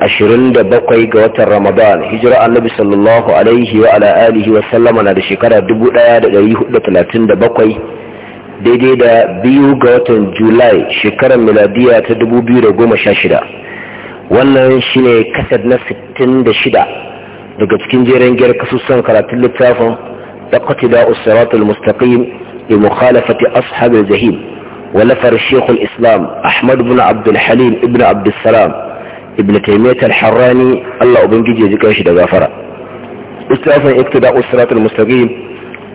ashirin da bakwai ga watan Ramadan hijira annabi sallallahu alaihi wa ala alihi wa sallama na da shekara 1437 daidai da biyu ga watan Julai shekarar miladiya ta 2016 wannan shine kasad na 66 daga cikin jerin gyar kasusan karatun littafin da qatida usratul mustaqim li mukhalafati ashabil zahim ولفر الشيخ الإسلام أحمد بن عبد الحليم ابن عبد السلام ibn taymiyyah al-harrani Allah ubangiji ya ji shi da gafara istafan iktida'u siratul mustaqim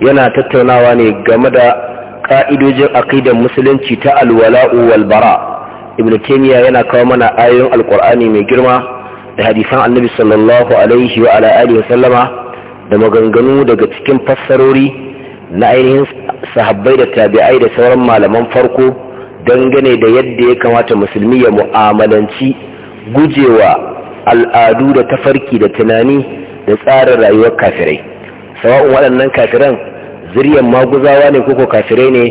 yana tattaunawa ne game da ka'idojin aqidar musulunci ta alwala'u wal bara ibn taymiyyah yana kawo mana ayoyin alqur'ani mai girma da hadisan annabi sallallahu alaihi wa ala alihi wa sallama da maganganu daga cikin fassarori na ainihin sahabbai da tabi'ai da sauran malaman farko dangane da yadda ya kamata musulmi ya mu'amalanci gujewa al'adu da tafarki da tunani da tsarin rayuwar kafirai sawa'un waɗannan kafiran zuriyar maguzawa ne koko kafirai ne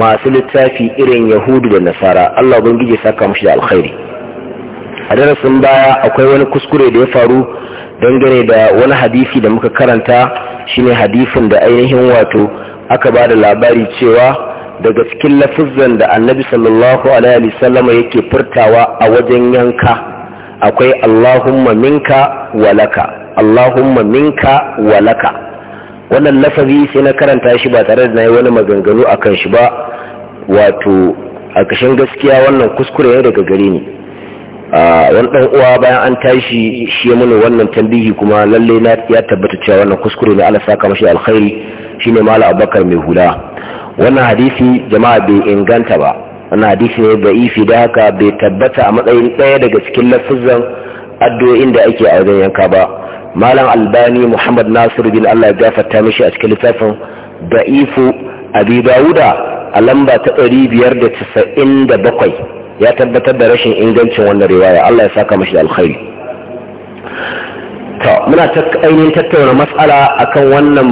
masu littafi irin yahudu da nasara Allah ubangiji saka mushi da alkhairi a darasin baya akwai wani kuskure da ya faru dangane da wani hadisi da muka karanta shine hadisin da ainihin wato aka ba da labari cewa daga cikin lafizan da annabi sallallahu alaihi wasallam yake furtawa a wajen yanka akwai Allahumma minka walaka Allahumma minka walaka wannan lafazi sai na karanta shi ba tare da na yi wani maganganu a kan shi ba wato a kashin gaskiya wannan kuskure ne daga gare ni wani ɗan uwa bayan an tashi shi ya mana wannan tambihi kuma lalle na ya tabbata cewa wannan kuskure ne Allah saka mashi alkhairi shine mala abubakar mai hula wannan hadisi jama'a bai inganta ba wannan hadisi ne da'ifi da haka bai tabbata a matsayin ɗaya daga cikin lafizan addu'o'in da ake a wajen yanka ba malam albani muhammad nasiru bin allah ya gafarta mishi a cikin littafin da'ifu abi dawuda a lamba ta ɗari biyar da casa'in da bakwai ya tabbatar da rashin ingancin wannan riwaya allah ya saka mashi alkhairi to muna ainihin tattauna matsala akan wannan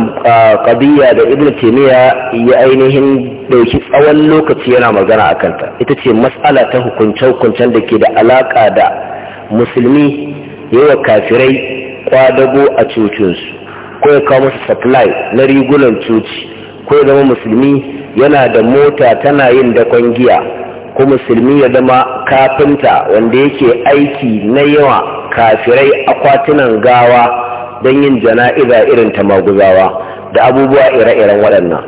kabiya da ibn taymiya ya ainihin dauki tsawon lokaci yana magana a kanta ita ce matsala ta hukunce-hukuncen da ke da alaka da musulmi yi wa kafirai kwadago a cocinsu ko ya kawo masa supply na rigunan coci ko ya zama musulmi yana da mota tana yin dakon giya ko musulmi ya zama kafinta wanda yake aiki na yawa kafirai akwatunan gawa don yin jana'iza irin ta maguzawa da abubuwa ire-iren waɗannan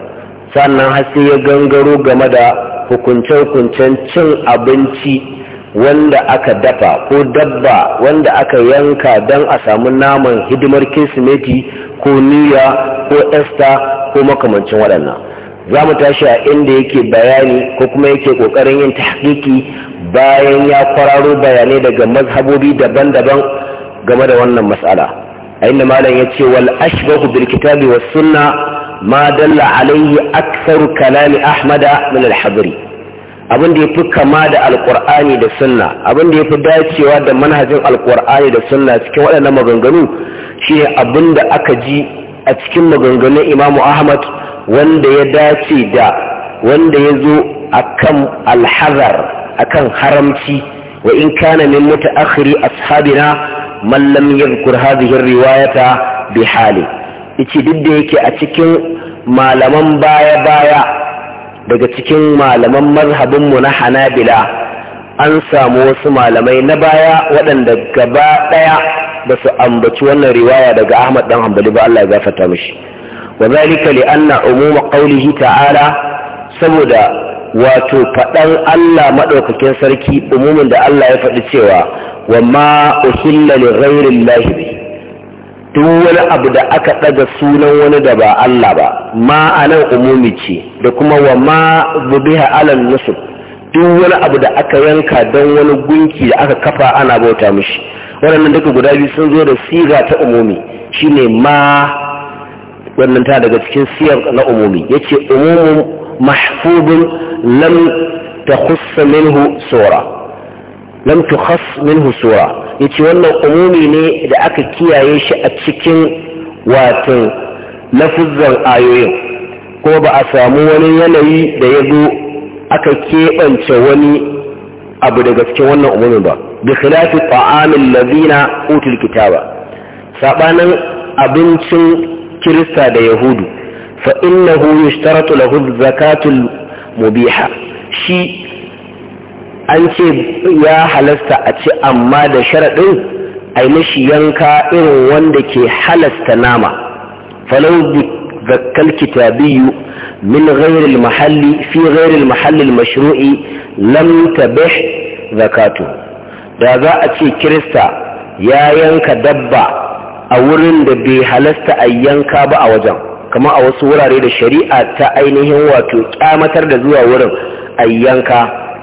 sannan hasi ya gangaro game da hukunce-hukuncen cin abinci wanda aka dafa ko dabba wanda aka yanka don a samu naman hidimar kirsimeti ko niyya ko esta ko makamancin waɗannan za mu tashi a inda yake bayani ko kuma yake kokarin yin tahqiqi bayan ya kwararo bayanai daga mazhabobi daban-daban game da wannan mas'ala a inda malam ya ce wal ashbahu bil kitabi was sunna ma dalla alayhi aktharu kalami ahmada min al hadri abin da yafi kama da alqur'ani da sunna abin da yafi dacewa da manhajin alqur'ani da sunna cikin waɗannan maganganu shine abin da aka ji a cikin maganganun imamu ahmad wanda ya dace da wanda ya zo akan alhazar akan haramci wa in kana min mutaakhiri ashabina man lam yadhkur riwayata bi hali yace duk da yake a cikin malaman baya baya daga cikin malaman mazhabinmu mu na Hanabila an samu wasu malamai na baya waɗanda gaba ɗaya ba su ambaci wannan riwaya daga Ahmad ɗan Hanbali ba Allah ya gafarta mishi wa zalika li anna umuma qawlihi ta'ala saboda wato fadan Allah madaukakin sarki umumin da Allah ya faɗi cewa wa ma uhilla li ghayri Allah bi wani abu da aka daga sunan wani da ba Allah ba ma anan umumi ce da kuma wa ma bubiha alal nusub duk wani abu da aka yanka don wani gunki da aka kafa ana bauta mishi waɗannan duka guda biyu sun zo da siga ta umumi shine ma wannan ta daga cikin siyar na umumi ya ce umumin mahfubin lam ta khussa minhu sura lam ta khass minhu sura ya ce wannan umumi ne da aka kiyaye shi a cikin watan lafuzan ayoyin kuma ba a samu wani yanayi da ya zo aka keɓance wani abu daga cikin wannan umumin ba bi khilafi ta'amin lazina utul kitaba sabanin abincin kirista da yahudu fa innahu yushtaratu lahu zakatun mubiha shi an ce ya halasta a ce amma da sharaɗin ai shi yanka irin wanda ke halasta nama falau zakal kitabiyu min ghairil mahalli fi ghairil mahallil mashru'i lam tabih zakatu da za a ce kirista ya yanka dabba a wurin da bai halasta a yanka ba a wajen kama a wasu wurare da shari'a ta ainihin wato kyamatar da zuwa wurin a yanka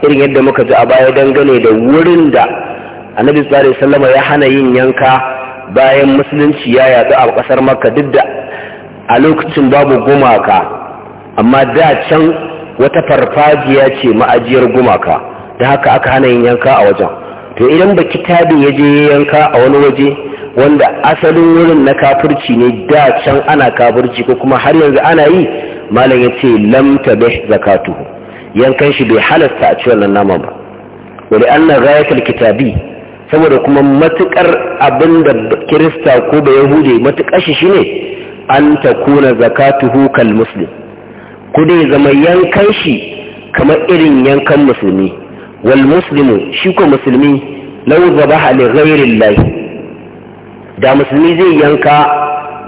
irin yadda muka ji a baya dangane da wurin da annabi sallallahu Sallama ya hana yin yanka bayan musulunci ya yadu a kasar maka duk da a lokacin babu gumaka amma da can wata farfajiya ce ma'ajiyar gumaka da haka aka hana yin yanka a wajen to idan ba kitabin ya je yanka a wani waje wanda asalin wurin na kafirci ne da can ana kafirci ko kuma har yanzu ana yi malam ya ce lamta bai zakatu yankan shi bai halasta a ci nan nama ba Wani an na rayatar kitabi saboda kuma matukar abin da kirista ko da yahudi matukar shi shine an ta kuna zakatuhu kal muslim ku zama yankan shi kamar irin yankan musulmi wal muslimu shi ko musulmi lau zaba li da musulmi zai yanka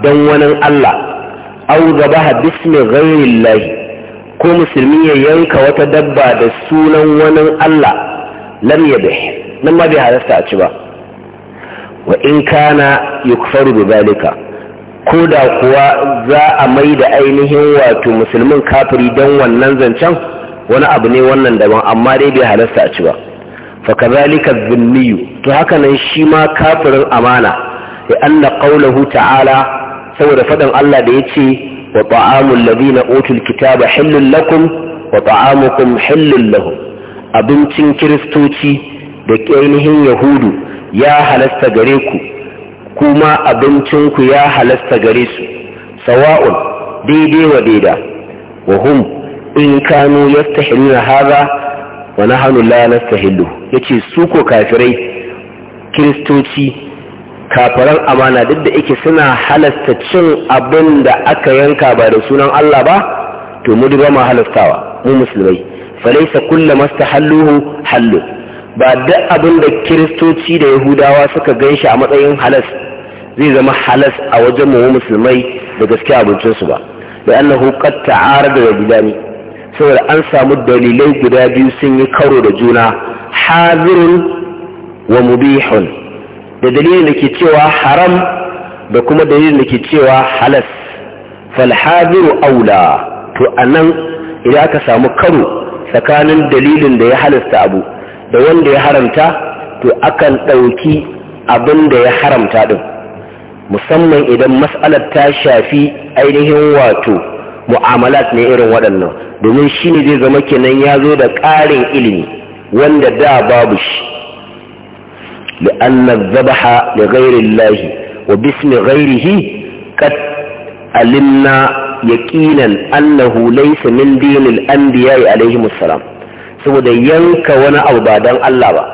don wani Allah au zabaha bismi ghairillahi ko musulmi ya yanka wata dabba da sunan wani Allah lam yabih nan ma bai halasta a ci ba wa in kana yukfaru bi zalika ko da kuwa za a mai da ainihin wato musulmin kafiri don wannan zancen wani abu ne wannan daban amma dai bai halasta a ci ba fa kazalika zulmiyu to haka nan shi ma kafirin amana da anna qawluhu ta'ala saboda fadan Allah da yace wa ta'amul ladina utul kitaba halal lakum wa ta'amukum halal lahum abincin kiristoci da ainihin yahudu ya halasta gare ku kuma abincin ku ya halasta gare su sawa'un daidai wa daida wa hum in kanu yastahiluna hadha wa nahnu la nastahillu yace su ko kafirai kiristoci kafaran amana duk da yake suna halasta cin abin da aka yanka ba da sunan Allah ba to mu duba ma halastawa mu musulmai falaisa kullu halluhu hallu ba duk abin da kiristoci da yahudawa suka ganshi a matsayin halas zai zama halas a wajen mu musulmai da gaskiya abincin su ba da annahu qad ta'arada wa bidani saboda an samu dalilai guda biyu sun yi karo da juna hazirun wa mubihun da dalilin da ke cewa haram da kuma dalilin da ke cewa halas falhaziru aula to anan idan aka samu karo tsakanin dalilin da ya halasta abu da wanda ya haramta to akan ɗauki abin da ya haramta ɗin musamman idan mas'alar ta shafi ainihin wato mu'amalat ne irin waɗannan domin shi ne zai zama kenan ya zo da ƙarin ilimi wanda da babu shi لأن الذبح لغير الله وباسم غيره قد علمنا يقينا أنه ليس من دين الأنبياء عليهم السلام saboda yanka wani abu ba don Allah ba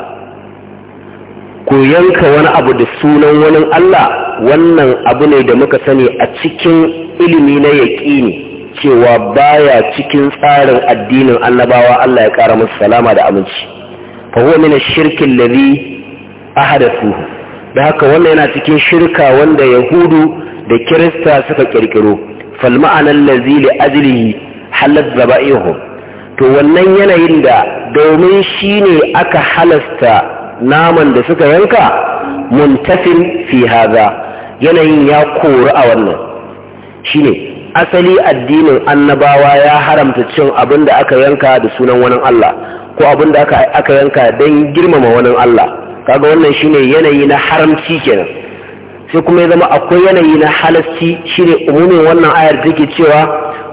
ko yanka wani abu da sunan wani Allah wannan abu ne da muka sani a cikin ilimi na yaƙini cewa baya cikin tsarin addinin annabawa Allah ya ƙara musu salama da aminci fa huwa min ash-shirki alladhi ahadathuhu da haka wannan yana cikin shirka wanda yahudu da kirista suka kirkiro fal ma'anan lazi li ajlihi halat zaba'ihum to wannan yanayin da domin shine aka halasta naman da suka yanka muntafin fi haza yanayin ya kori a wannan shine asali addinin annabawa ya haramta cin abin da aka yanka da sunan wani Allah ko abin da aka yanka don girmama wani Allah kaga wannan shine yanayi na haramci kenan sai kuma ya zama akwai yanayi na halasci shine umumin wannan ayar da take cewa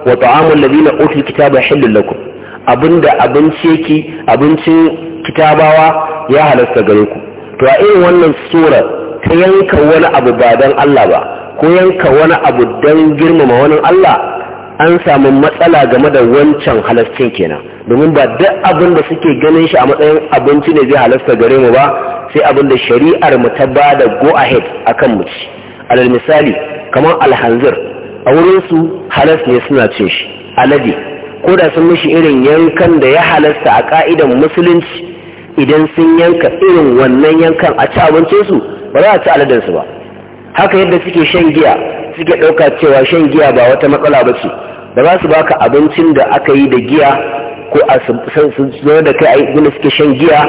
wa ta'amul ladina utul kitaba halal lakum abinda abinci yake abincin kitabawa ya halasta gare ku to a irin wannan sura ta yanka wani abu ba dan Allah ba ko yanka wani abu dan girmama wani Allah an samu matsala game da wancan halascin kenan domin ba duk abin da suke ganin shi a matsayin abinci ne zai halasta gare mu ba sai abin da shari'ar mu ta ba da go ahead akan mu ci alal misali kamar alhanzir a wurin su halas ne suna cin shi alade ko da sun mishi irin yankan da ya halasta a ka'idan musulunci idan sun yanka irin wannan yankan a ci abincin su ba za a ci aladen su ba haka yadda suke shan giya suke ɗauka cewa shan giya ba wata matsala ba ce ba za su baka abincin da aka yi da giya ko a sun da kai a yi suke shan giya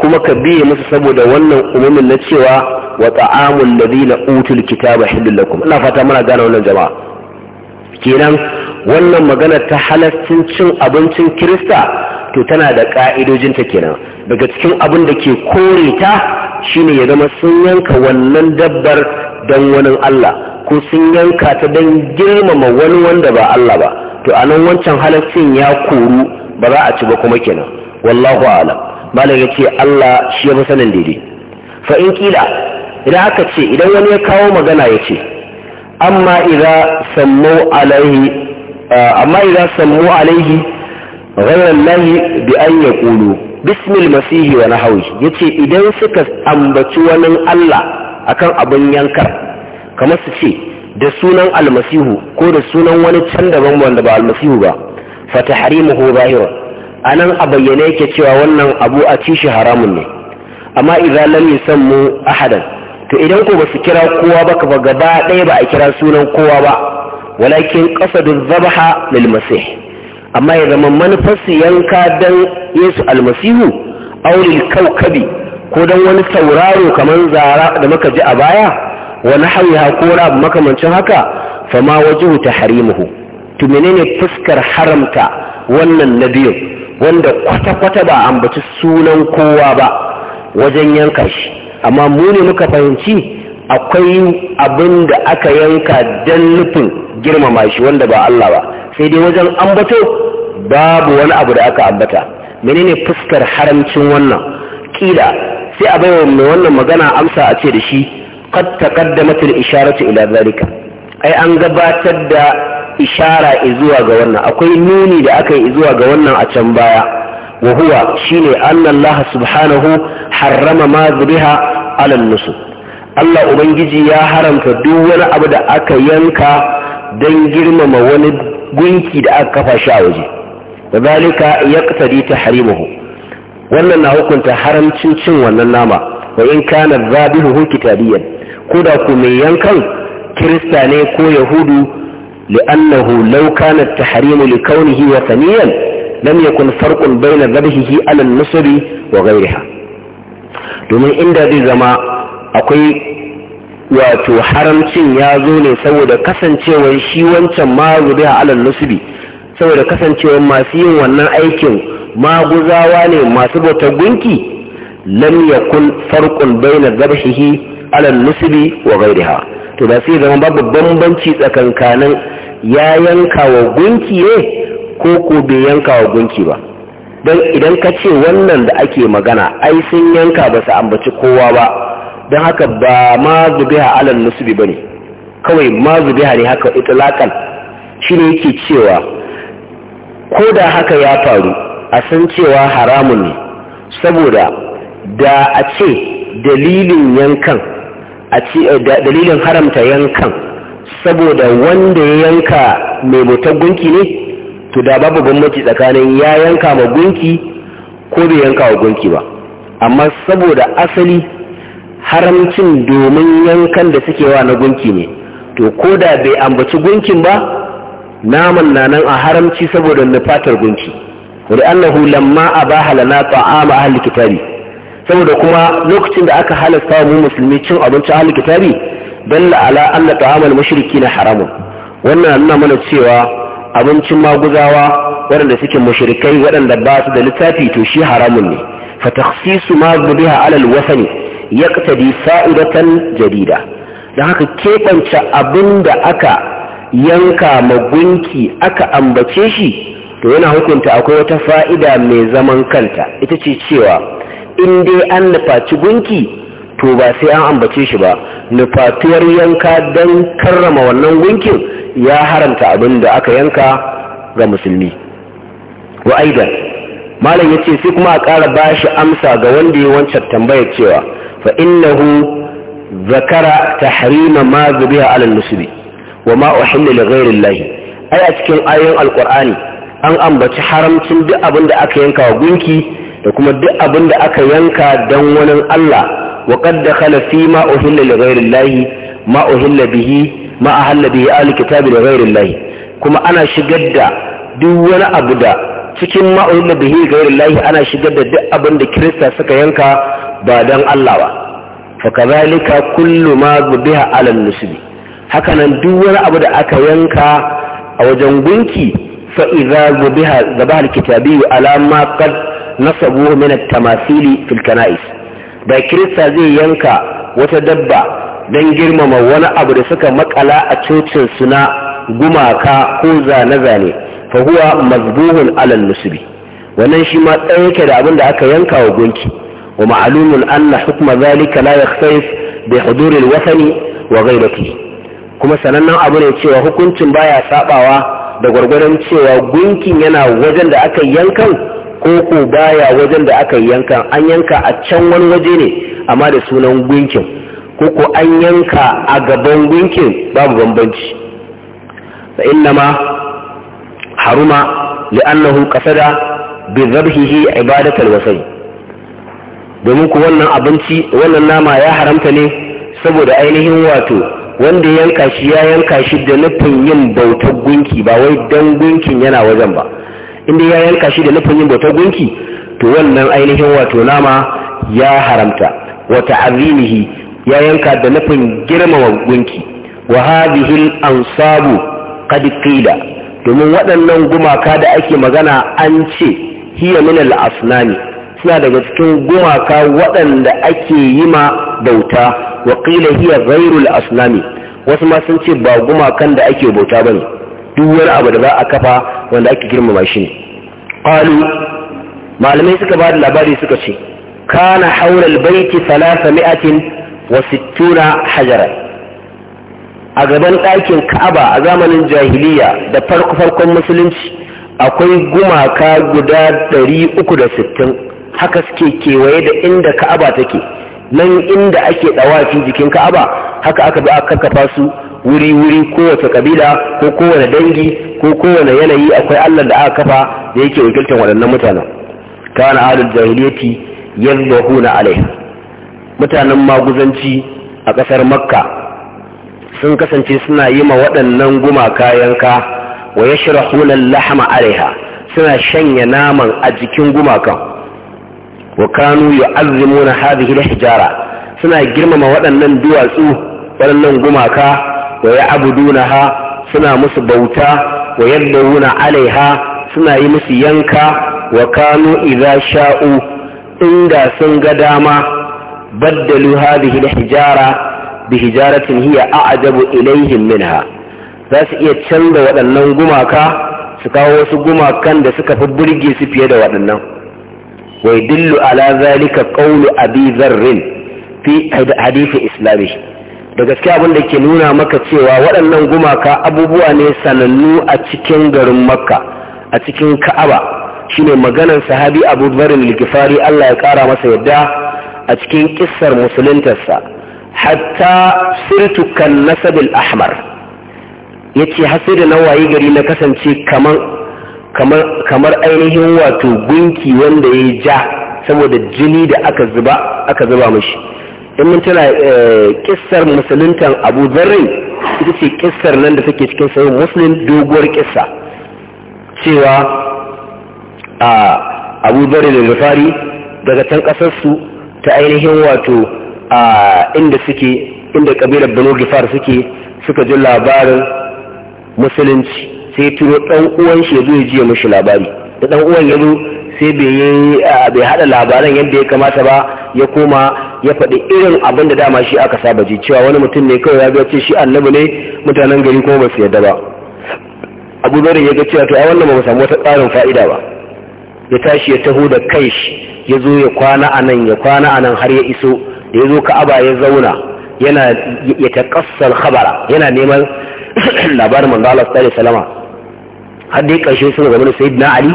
kuma ka biye musu saboda wannan umumin na cewa wa zai na utul kitaba hillul lakum ina fata mana gane wannan jama'a kenan wannan magana ta halastin cin abincin kirista to tana da ka'idojin ta kenan daga cikin abin da ke kore ta shine ya zama sun yanka wannan dabbar don wani Allah ko sun yanka ta don girmama wani wanda ba Allah ba to a nan wancan halaccin ya koru ba za a ci ba kuma kenan wallahu alam malam ya ce Allah shi ya sanin daidai fa in kila idan aka ce idan wani ya kawo magana ya ce amma idza sammu alaihi eh, amma idza sammu alaihi ghayra allahi bi an yaqulu bismil masih wa nahwi yace idan suka ambaci wani Allah akan abin yankar kamar su ce da sunan almasihu ko da sunan wani can daban wanda ba almasihu ba fa tahrimuhu a anan a bayyane yake cewa wannan abu a ci haramun ne amma idan lam yusammu ahadan to idan ko su kira kowa ba ka gaba ɗaya ba a kira sunan kowa ba walakin qasadul zabaha lil masih amma ya zama manufarsu yanka dan Yesu almasihu aw lil kawkabi ko don wani sauraro kamar zara da muka ji a baya wani hauya ko makamancin haka fama waje ta harimuhu to menene fuskar haramta wannan na biyu wanda kwata-kwata ba ambaci sunan kowa ba wajen yanka shi amma mu ne muka fahimci akwai abin da aka yanka don nufin girmama shi wanda ba Allah ba sai dai wajen ambato babu wani abu da aka ambata menene fuskar haramcin wannan kila sai a baiwa mai wannan magana amsa a ce da shi qad taqaddamatil isharatu ila zalika ai an gabatar da ishara zuwa ga wannan akwai nuni da aka yi zuwa ga wannan a can baya wa huwa shine Allah subhanahu harrama ma zubiha ala nusu Allah ubangiji ya haramta duk wani abu da aka yanka don girmama wani gunki da aka kafa shi a waje da zalika yaqtadi tahrimuhu wannan na hukunta haramcin cin wannan nama wa in kana zabihu kitabiyan ko da ku mai yankan kirista ne ko yahudu li'annahu law kana tahrimu li kaunihi wasaniyan lam yakun farqun bayna zabihi 'ala an-nusbi wa ghayriha domin inda zai zama akwai wato haramcin ya zo ne saboda kasancewar shi wancan ma zubi a alal nusubi saboda kasancewar masu yin wannan aikin maguzawa ne masu bautar gunki lam yakun farqun baina dhabhihi ala nusbi wa ghayriha to da sai zama babu bambanci tsakankanin ya yanka wa gunki ne ko ko bai yanka wa gunki ba dan idan ka ce wannan da ake magana ai sun yanka ba su ambaci kowa ba don haka ba ma zubiha ala nusbi bane kawai ma zubiha ne haka itlaqan shine yake cewa ko da haka ya faru a san cewa haramun ne saboda da a ce dalilin yankan a ce eh, dalilin haramta yankan saboda wanda ya yanka mai mutar gunki ne to da babu bambanci tsakanin ya yanka ma gunki ko bai yanka wa gunki ba amma saboda asali haramcin domin yankan da suke wa na gunki ne to ko da bai ambaci gunkin ba naman na nan a haramci saboda nufatar gunki wani annahu lamma a ba halana ta'ama saboda kuma lokacin da aka halasta mu musulmi cin abincin ahal kitabi dalla ala anna ta'amal mushriki na haramun wannan nuna mana cewa abincin maguzawa waɗanda suke mushrikai waɗanda ba su da littafi to shi haramun ne fa takhsisu ma biha ala alwasani yaqtadi sa'idatan jadida dan haka abin abinda aka yanka magunki aka ambace shi to yana hukunta akwai wata fa'ida mai zaman kanta ita ce cewa in dai an nufaci gunki to ba sai an ambace shi ba nufatuwar yanka don karrama wannan gunkin ya haramta abin da aka yanka ga musulmi wa aidan malam ya ce sai kuma a ƙara ba shi amsa ga wanda ya wancan tambayar cewa fa innahu zakara tahrima ma zubiha alal musulmi wa ma uhilla li ai a cikin ayoyin alqur'ani an ambaci haramcin duk abin da aka yanka wa gunki da kuma duk abin da aka yanka don wani Allah wa qad dakhala fi ma uhilla li ghayri Allah ma uhilla bihi ma ahalla bihi ahli kitabi li ghayri Allah kuma ana shigar da duk wani abu da cikin ma uhilla bihi ghayri Allah ana shigar da duk abin da Kirista suka yanka ba don Allah ba fa kadhalika kullu ma biha ala nusbi hakanan duk wani abu da aka yanka a wajen gunki فإذا ذبح ذبح الكتابي على ما قد نصبوه من التماثيل في الكنائس da kirista zai yanka wata dabba don girmama wani abu da suka makala a cocin suna gumaka ko zane-zane fahuwa mazbuhun alal musubi wannan shi ma tsaye yake da abin da aka yanka wa gunki wa ma'alumin allah hukma zalika la yakhsayf bi huduril wasani wa ghayratihi kuma sanannen abu ne cewa hukuncin baya sabawa da gwargwadon cewa gunkin yana wajen da aka yankan ko ko baya wajen da aka yankan an yanka a can wani waje ne amma da sunan gunkin ko ko an yanka a gaban gunkin babu bambanci fa ma haruma li'annahu qasada bi dhabhihi ibadatal wasai domin ku wannan abinci wannan nama ya haramta ne saboda ainihin wato wanda yanka shi ya yanka shi da nufin yin bautar gunki ba wai dan gunkin yana wajen ba inda ya yanka shi da nufin yin bautar gunki to wannan ainihin wato nama ya haramta Wata ta'azimihi ya yanka da nufin girmama gunki wa hadhihi al-ansabu qad qila domin waɗannan gumaka da ake magana an ce hiya min al-asnami suna daga cikin gumaka waɗanda ake yi ma bauta wa qila hiya ghayru al-asnami wasu ma sun ce ba gumakan da ake bauta ba ne duk wani abu da za a kafa wanda ake girmama shi ne ƙwalu malamai suka ba da labari suka ce kana haular baiti salasa mi'atin wa sittuna hajara a gaban ɗakin ka'aba a zamanin jahiliya da farko-farkon musulunci akwai gumaka guda ɗari uku da sittin haka suke kewaye da inda ka'aba take nan inda ake dawafi jikin ka'aba haka aka bi aka kakkafa su wuri-wuri kowace kabila ko kowane dangi ko kowane yanayi akwai allah da aka kafa da yake wakiltar waɗannan mutanen kana ahlul jahiliyati yadhbahuna alaiha mutanen maguzanci a ƙasar makka sun kasance suna yi ma waɗannan gumaka yanka wa yashrahuna lahama alaiha suna shanya naman a jikin gumakan wa kanu yu'azzimuna hadhihi da hijara suna girmama waɗannan duwatsu waɗannan gumaka wa ha suna musu bauta wa yadawuna alaiha suna yi musu yanka wa kanu sha'u inda sun ga dama baddalu hadhihi da hijara bi hijaratin hiya a'jabu ilaihim ha za su iya canza waɗannan gumaka su kawo wasu gumakan da suka fi burge su fiye da waɗannan ويدل على ذلك قول أبي ذر في حديث إسلامه da gaske abin da ke nuna maka cewa waɗannan gumaka abubuwa ne sanannu a cikin garin makka a cikin ka'aba shine maganar sahabi abu barin likifari allah ya kara masa yadda a cikin kissar musuluntarsa hatta sirtukan nasabil ahmar ya ce da na wayi gari na kasance kaman kamar ainihin wato gunki wanda ya ja saboda jini da aka zuba aka zuba mashi in mun tana eh, kissar musuluntan abu zarrin ita ce kissar nan da take cikin sayin musulun doguwar kissa cewa a abu zarrin da daga can kasarsu ta ainihin wato a inda suke inda kabilar banu gifar suke suka ji labarin musulunci sai turo dan uwan shi zo ya jiya mishi labari da dan uwan ya zo sai bai hada labaran yadda ya kamata ba ya koma ya faɗi irin abin da dama shi aka saba ji cewa wani mutum ne kawai ya ga ce shi annabi ne mutanen gari kuma ba su yarda ba abu zai ya ga cewa to a wannan ba mu samu wata ƙarin fa'ida ba ya tashi ya taho da kai shi ya zo ya kwana a nan ya kwana a nan har ya iso da ya zo ka aba ya zauna yana ya taƙassar khabara yana neman labarin manzo Allah sallallahu alaihi har ya ƙarshe suna zama da sayyidina ali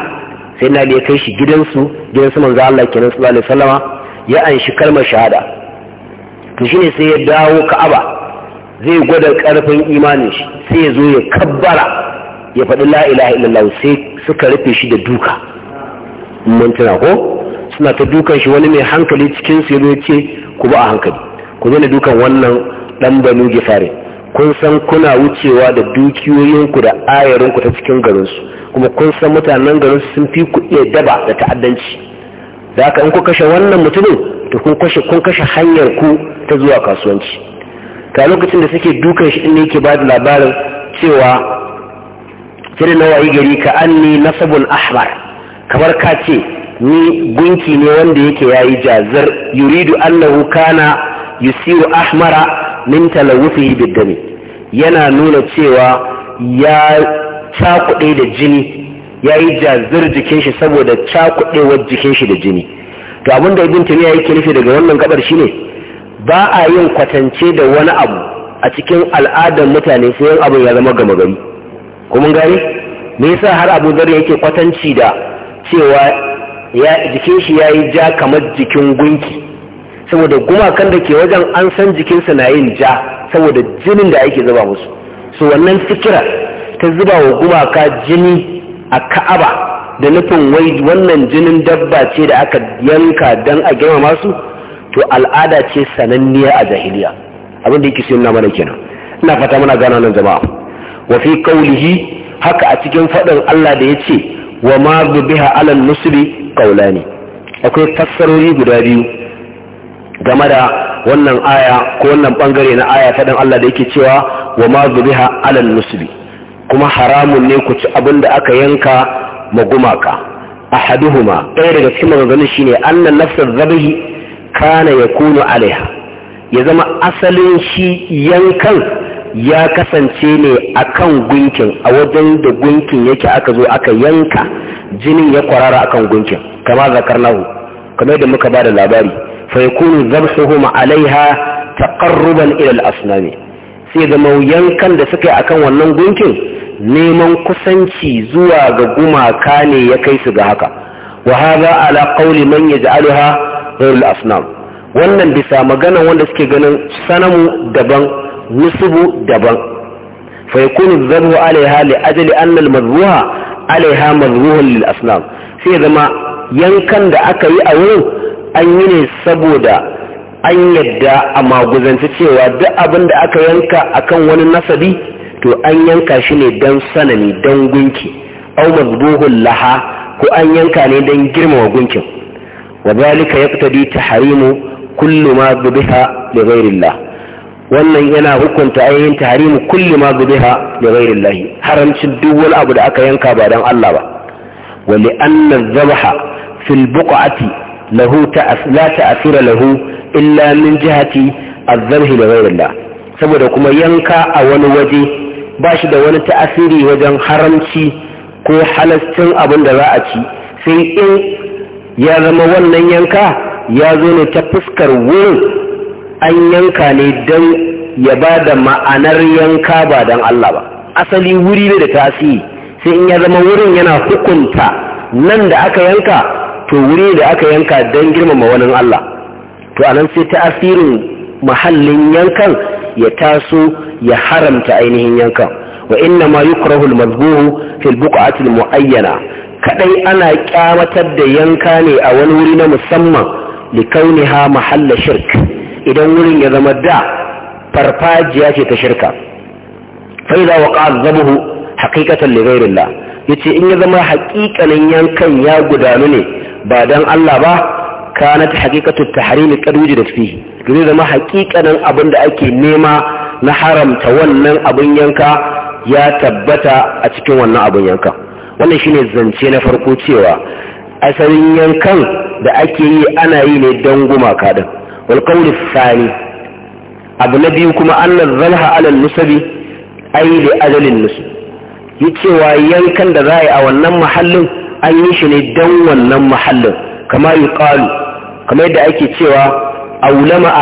sayyidina ali ya kai shi gidansu gidan manzo Allah kenan sallallahu alaihi wasallama ya anshi kalmar shahada to shine sai ya dawo ka'aba zai gwada karfin imanin shi sai ya zo ya kabbara ya faɗi la ilaha illallah sai suka rufe shi da duka mun tana ko suna ta dukan shi wani mai hankali cikin su ya ce ku ba a hankali ku zo dukan wannan dan banu gifarin kun san kuna wucewa da dukiyoyinku da ayarinku ta cikin garinsu kuma kun san mutanen garinsu sun fi ku iya daba da ta'addanci da haka in ku kashe wannan mutumin to kun kashe kun kashe hanyar ku ta zuwa kasuwanci ta lokacin da suke dukan shi inda yake bada labarin cewa kiri na wayi gari ka anni nasabun ahmar kamar ka ce ni gunki ne wanda yake yayi jazar yuridu annahu kana yusiru ahmara min talawufihi biddami yana nuna cewa ya cakuɗe da jini ya yi jazir jikin shi saboda cakuɗewar jikin shi da jini to abin da ibn tamiya yake nufi daga wannan gabar shine ba a yin kwatance da wani abu a cikin al'adar mutane sai yin abin ya zama gama gari kuma gari me yasa har abu zar yake kwatanci da cewa jikin shi yayi ja kamar jikin gunki saboda gumakan da ke wajen an san jikinsa na yin ja saboda jinin da ake zuba musu so wannan fikira ta zuba wa gumaka jini a ka'aba da nufin wai wannan jinin dabba ce da aka yanka don a gama masu to al'ada ce sananniya a jahiliya abin da yake so na mana kenan ina fata muna gana nan jama'a wa fi haka a cikin faɗin Allah da ya ce wa ma biha alal nusri ne akwai fassarori guda biyu game da wannan aya ko wannan bangare na aya ta dan Allah da yake cewa wa ma zubiha alal musbi kuma haramun ne ku ci abin da aka yanka magumaka ahaduhuma ɗaya daga cikin maganganun shine annan nafsar zabihi kana yakunu alaiha ya zama asalin shi yankan ya kasance ne akan gunkin a wajen da gunkin yake aka zo aka yanka jinin ya kwarara akan gunkin kama zakar nahu kamar da muka ba da labari فيكون ذبحهم عليها تقربا إلى الأصنام سيدا مويان كان دا سكي أكان ونن قنكين نيمان كسنشي زوا ga كان يكيس بهكا وهذا على قول من يجعلها غير الأصنام wannan bisa magana wanda suke ganin sanamu daban nusubu daban fa yakunu dhabu alaiha li ajli anna al madhbuha alaiha madhbuhun lil sai yankan da aka yi a wurin an yi ne saboda an yadda a maguzanci cewa duk abin da aka yanka akan wani nasabi to an yanka shi ne don sanani don gunki au mazbuhun laha ko an yanka ne don girmama gunkin wa zalika ta harimu kullu ma dhubiha li wannan yana hukunta ta harimu kullu ma dhubiha li haramcin duk wani abu da aka yanka ba don Allah ba wali annan anna fil buq'ati lahu la ta'asira lahu illa min jihati azzarhi da ghairillah saboda kuma yanka a wani waje ba shi da wani ta'asiri wajen haramci ko halastin abin da za a ci sai in ya zama wannan yanka ya zo ne ta fuskar wurin an yanka ne don ya ba da ma'anar yanka ba don Allah ba asali wuri ne da tasiri sai in ya zama wurin yana hukunta nan da aka yanka to wuri da aka yanka don girmama wani Allah to anan sai ta asirin mahallin yankan ya taso ya haramta ainihin yankan wa inna ma yukrahul mazbuhu fil buq'ati muayyana Kaɗai ana kyamatar da yanka ne a wani wuri na musamman li ha mahalla shirk idan wurin ya zama da farfajiya ce ta shirka fa wa waqa'a zabuhu haqiqatan li ghayri Allah in ya zama haƙiƙanin yankan ya gudanu ne ba dan Allah ba kanat haqiqatu tahrim qad wujidat fihi zai zama haƙiƙanin abin da ake nema na haramta wannan abin yanka ya tabbata a cikin wannan abin yanka wannan shine zance na farko cewa asalin yankan da ake yi ana yi ne don gumaka din wal qawlu thani abu na biyu kuma annal zalha ala nusabi ay li ajalin nusub yi cewa yankan da za a yi a wannan mahallin an yi shi ne don wannan mahallin kama yi ƙalu kama yadda ake cewa a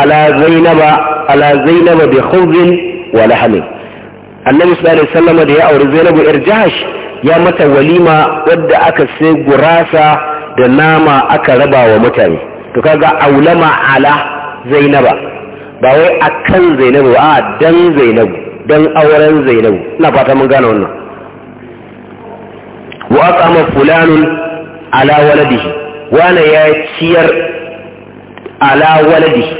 ala zainaba ala zainaba bai khubzin wa lahamin annabi sallallahu alaihi wasallam da ya auri zainabu yar jahash ya mata walima wadda aka sai gurasa da nama aka raba wa mutane to kaga aulama ala zainaba ba wai akan zainabu a dan zainabu dan auren zainabu ina fata mun gane wannan wa aqama fulanun ala waladihi wana ya ciyar ala waladihi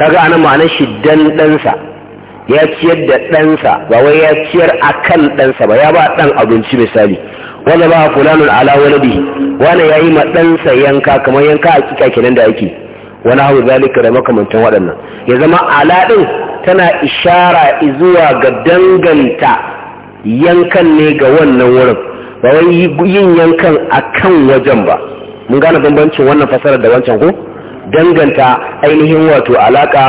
kaga ana ma'anar shi dan ɗansa ya ciyar da ɗansa ba wai ya ciyar akan ɗansa ba ya ba ɗan abinci misali wanda ba fulanun ala waladihi wana ya yi ma ɗansa yanka kamar yanka a kika kenan da ake wani hau zalika da makamantan waɗannan ya zama ala ɗin tana ishara zuwa ga danganta yankan ne ga wannan wurin ba wai yin yankan akan wajen ba mun gane bambancin wannan fasarar da wancan ko danganta ainihin wato alaka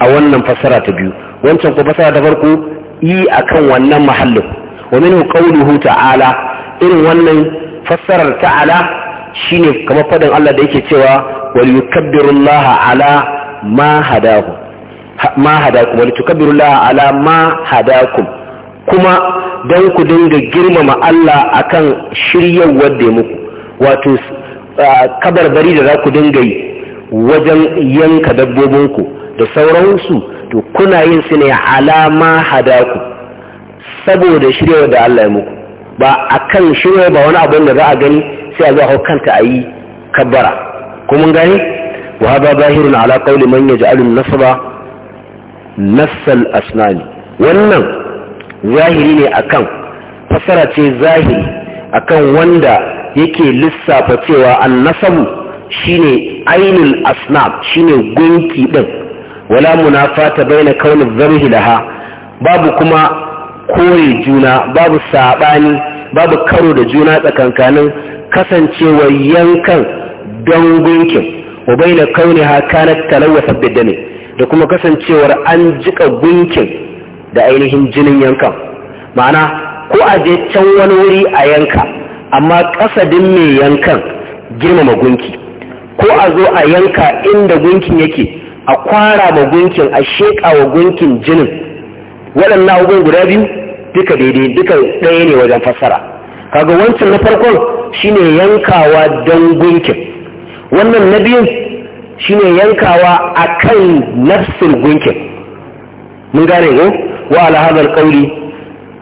a wannan fasara ta biyu wancan ko fasara ta farko yi akan wannan mahallin wa minhu qawluhu ta'ala irin wannan fassarar ta'ala ne kamar fadin Allah da yake cewa wal yukabbirullaha ala ma hadakum wal ala ma hadakum kuma don ku dinga girmama Allah akan shiryawar da muku wato kabarbari da za ku dinga yi wajen yanka dabbobinku da sauransu to kuna yin su ne alama hadaku saboda shiryawar da Allah ya muku ba akan shiryar ba wani abin da za a gani sai a zo hau kanta a yi kabbara kuma gani wa haɗa zahirin alaƙa wani man ya ji alun nasaba nassal asnani wannan zahiri ne akan fasara ce zahiri akan wanda yake lissafa cewa annasabu shine ainul asnab shine gunki din wala munafata baina kaunin zarhi laha babu kuma kore juna babu sabani babu karo da juna tsakankanin kasancewar yankan don gunkin wa baina kauniha kanat talawwasa bidani da kuma kasancewar an jika gunkin da ainihin jinin yankan ma'ana ko a je can wani wuri a yanka amma kasadin mai yankan girmama gunki ko a zo a yanka inda gunkin yake a kwara ma gunkin a sheƙa wa gunkin jinin waɗannan abubuwan guda biyu duka daidai duka ɗaya ne wajen fassara kaga wancan na farkon shine yankawa don gunkin wannan na biyun shine yankawa a kan nafsin gunkin mun gane ne wa ala hadha alqawli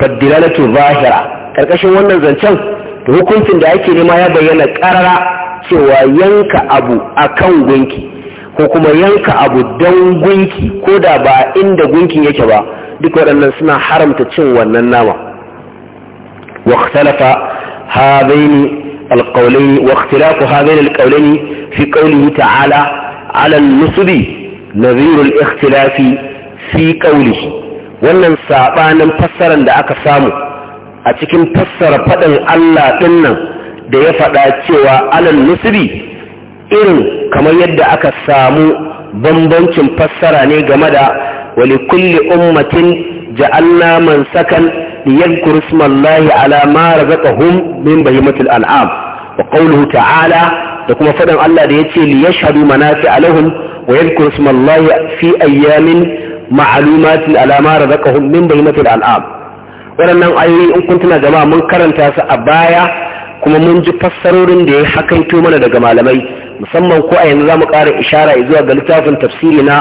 faddilalatu zahira ƙarƙashin wannan zancen da hukuncin da ake nema ya bayyana ƙarara cewa yanka abu akan gunki ko kuma yanka abu don gunki ko da ba inda gunkin yake ba duk waɗannan suna haramta cin wannan nama واختلف هذين القولين واختلاف هذين القولين في قوله تعالى على النصب نظير الاختلاف في قوله wannan saɓanin fassarar da aka samu a cikin fassara faɗin Allah ɗinnan da ya faɗa cewa alal misri irin kamar yadda aka samu bambancin fassara ne game da wali kulli ummatin ja'alna man sakan liyadhkuru kurismallahi ala ma razaqahum min al'am wa qawluhu ta'ala da kuma faɗin Allah da yace liyashhadu manafi'a lahum wa yadhkuru kurismallahi fi ayyamin ma'alumati alama razaqahum min bainatil al'am waɗannan ayoyi in kun tuna jama'a mun karanta su a baya kuma mun ji fassarorin da ya hakaito mana daga malamai musamman ko a yanzu zamu ƙara ishara zuwa ga littafin tafsiri na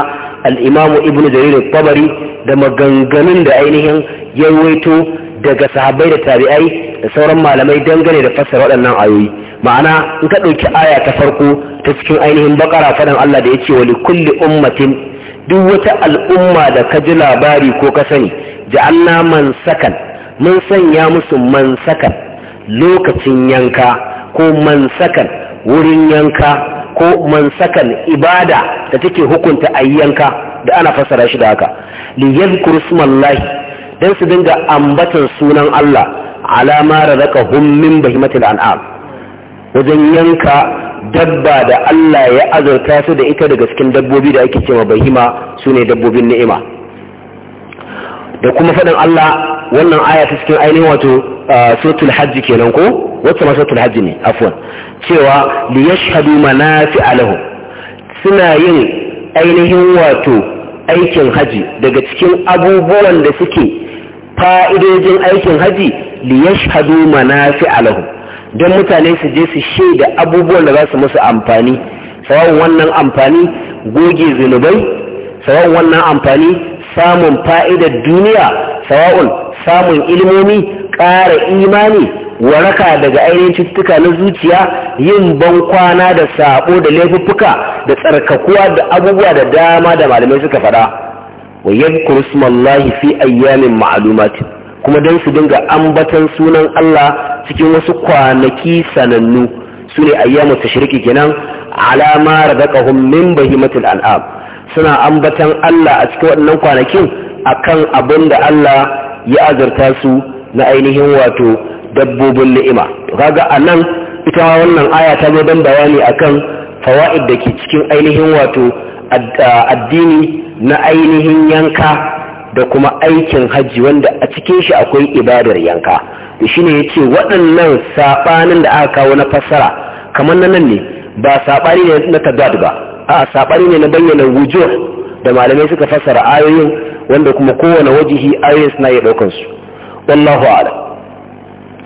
al-Imam Ibn Jarir tabari da maganganun da ainihin ya daga sahabbai da tabi'ai da sauran malamai dangane da fassara waɗannan ayoyi ma'ana in ka ɗauki aya ta farko ta cikin ainihin baƙara faɗin Allah da ya ce wa kulli ummatin duk wata al'umma da ka ji labari ko ka sani ja'alna man sakan mun sanya musu man sakan lokacin yanka ko man sakan wurin yanka ko man sakan ibada da take hukunta ayyanka da ana fassara shi da haka li yadhkuru smallahi dan su dinga ambatan sunan Allah alama razaqahum min bahimatil an'am wajen yanka dabba da Allah ya azurta su da ita daga cikin dabbobi da ake cewa bahima su ne dabbobin ni'ima da kuma faɗin Allah wannan aya ta cikin ainihin wato suratul hajj kenan ko wacce ma suratul hajj ne afwan cewa li yashhadu fi alahu. suna yin ainihin wato aikin haji daga cikin abubuwan da suke fa'idojin aikin haji li yashhadu manafi'a alahu. don mutane su je su shaida abubuwan da za su musu amfani sawan wannan amfani goge zunubai sawan wannan amfani samun fa'idar duniya sawa'un samun ilmomi ƙara imani waraka daga ainihin cututtuka na zuciya yin bankwana da sabo da laifuffuka da tsarkakuwa da abubuwa da dama da malamai suka faɗa wa yin smallahi fi ayyamin ma'alumati kuma don su dinga ambatan sunan Allah cikin wasu kwanaki sanannu su ne ayyamu shirki kenan ala ma razaqahum min bahimatil an'am suna ambatan Allah a cikin waɗannan kwanakin akan abin da Allah ya azurta su na ainihin wato dabbobin ni'ima kaga anan ita wannan aya ta zo dan bayani akan fawaid da ke cikin ainihin wato addini na ainihin yanka da kuma aikin hajji wanda a cikin shi akwai ibadar yanka da shi ne ya ce waɗannan saɓanin da aka kawo na fassara kamar na nan ne ba saɓani ne na tabbad ba a saɓani ne na bayyana wujo da malamai suka fassara ayoyin wanda kuma kowane wajihi ayoyin suna iya ɗaukansu wallahu ala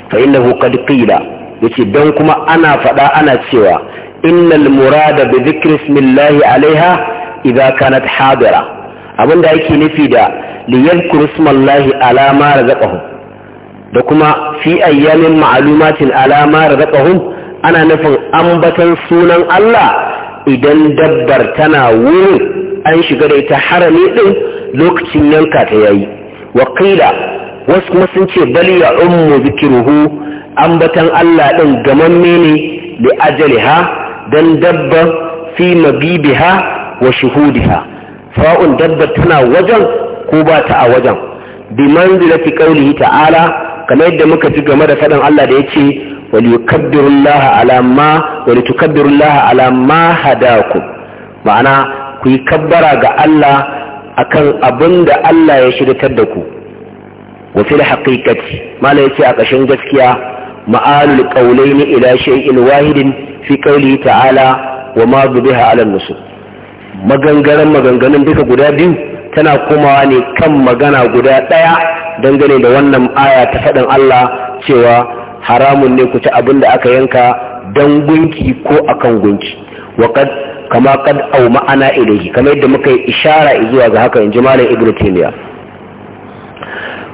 fa innahu qad ya yace don kuma ana faɗa ana cewa innal murada bi dhikri ismillahi alaiha idza kanat hadira abinda yake nufi da liyadhkuru ismallahi alama ma razaqahum da kuma fi ayyamin ma'alumatin alama razaqahum ana nufin ambatan sunan Allah idan dabbar tana wurin an shiga da ita harami ɗin, lokacin yanka ta yayi wakila wasu kuma sun ce bal ya ummu zikruhu ambatan Allah ɗin gamamme ne da ajaliha dan dabba fi mabibiha wa ha. sawa'un dabbar tana wajen ko ba ta a wajen bi manzilati qawlihi ta'ala kamar yadda muka ji game da faɗin Allah da yake ce, yukabbirullaha ala ma wal tukabbirullaha ala ma ma'ana ku yi kabbara ga Allah akan abin da Allah ya shirkar da ku wa fil haqiqati mala yace a kashin gaskiya ma'alul qawlaini ila shay'in wahidin fi qawli ta'ala wa ma biha ala nusu maganganan maganganun duka guda biyu tana komawa ne kan magana guda ɗaya dangane da wannan aya ta faɗin Allah cewa haramun ne ku ci abin da aka yanka don gunki ko akan gunki kama kad au ma'ana ilahi kamar yadda muka yi ishara zuwa ga haka in ji malam ibnu taymiya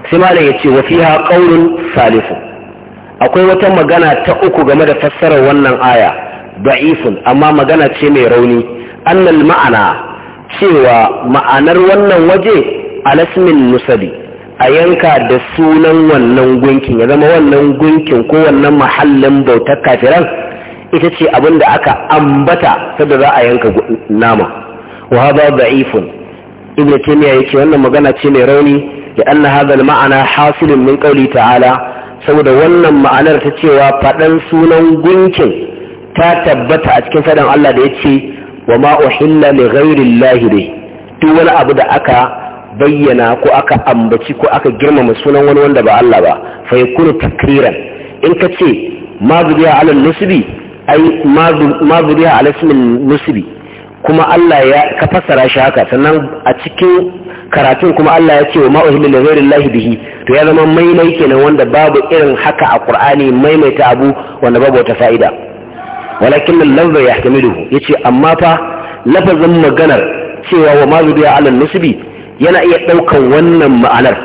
sai malam ya ce wa fiha qaulun salifu akwai wata magana ta uku game da fassarar wannan aya da'ifun amma magana ce mai rauni annal ma'ana cewa ma'anar wannan waje a alasmin nusabi a yanka da sunan wannan gunkin ya zama wannan gunkin ko wannan mahallin bautar kafiran ita ce abin da aka ambata saboda za a yanka nama wa hada da'ifun ibn taymiya yake wannan magana ce mai rauni da anna hadha al-ma'ana hasilun min qawli ta'ala saboda wannan ma'anar ta cewa faɗan sunan gunkin ta tabbata a cikin faɗan Allah da ya ce wa ma uhilla li ghairi Allah duk wani abu da aka bayyana ko aka ambaci ko aka girmama sunan wani wanda ba Allah ba fa ya kunu takriran in ka ce ma zubiya ala nusbi ai ma ala ismin nusbi kuma Allah ya ka fassara shi haka sannan a cikin karatun kuma Allah ya ce wa ma uhillu bihi to ya zama maimai kenan wanda babu irin haka a Qur'ani maimaita abu wanda babu wata fa'ida walakin al yahtamiluhu yace amma fa lafazin maganar cewa wa ma zubiya ala nusbi yana iya ɗaukan wannan ma'anar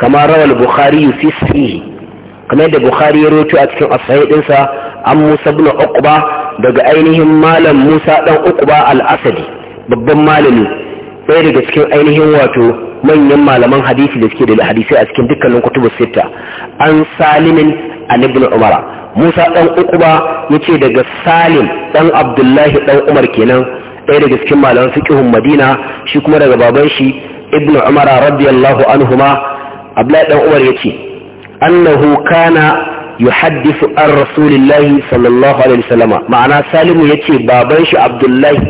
kamar rawal bukhari fi sahihi kamar yadda bukhari ya roto a cikin asahai ɗinsa an musa bin uqba daga ainihin malam musa ɗan uqba al-asadi babban malami ɗaya daga cikin ainihin wato manyan malaman hadisi da suke da hadisai a cikin dukkanin kutubu sita an salimin an ibn umara musa ɗan uqba yace daga salim ɗan abdullahi ɗan umar kenan ɗaya daga cikin malaman fiqhun madina shi kuma daga baban shi ibn umar radiyallahu ma, abdullahi dan umar yace annahu kana yuhaddithu an rasulillahi sallallahu alaihi wasallama ma'ana salimu yace baban shi abdullahi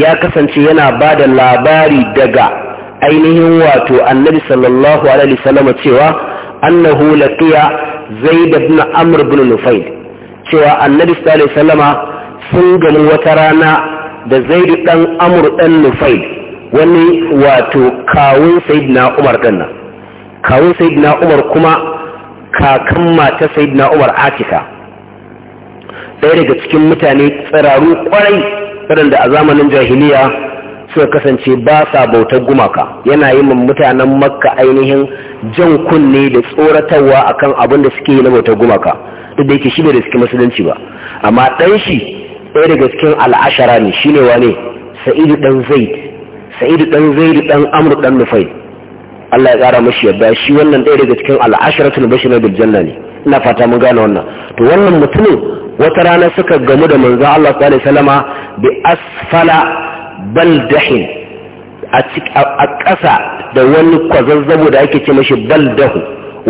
ya kasance yana bada labari daga ainihin wato annabi sallallahu alaihi wasallama cewa annahu laqiya zaid ibn amr ibn nufail cewa annabi sallallahu alaihi wasallama sun gamu wata rana da zaidu dan amur dan nufail wani wato kawun sayyidina umar din nan kawun sayyidina umar kuma kakan mata na umar atika ɗaya daga cikin mutane tsiraru kwarai waɗanda a zamanin jahiliya suka kasance ba sa bautar gumaka yana yi min mutanen makka ainihin jan kunne da tsoratarwa akan abin da suke yi na bautar gumaka duk da yake shi da suke musulunci ba amma ɗan shi ɗaya daga cikin al'ashara ne shine wane sa'idu ɗan zaid sa'idu dan zaidu dan amr dan nufai Allah ya kara mashi yadda shi wannan ɗaya daga cikin al'asharatul bashir bil janna ne ina fata mun gane wannan to wannan mutumin wata rana suka gamu da manzo Allah sallallahu alaihi wasallama bi asfala baldahin a ƙasa da wani kwazazzabo da ake ce mashi baldahu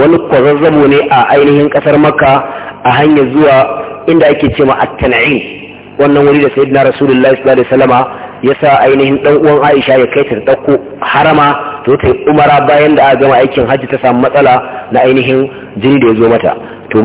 wani kwazazzabo ne a ainihin ƙasar makka a hanyar zuwa inda ake ce ma at-tan'im wannan wuri da sayyidina rasulullahi sallallahu alaihi wasallama ya sa ainihin ɗan uwan Aisha ya kai ta da ɗauko harama to ta umara bayan da aka gama aikin hajji ta samu matsala na ainihin jini da ya zo mata to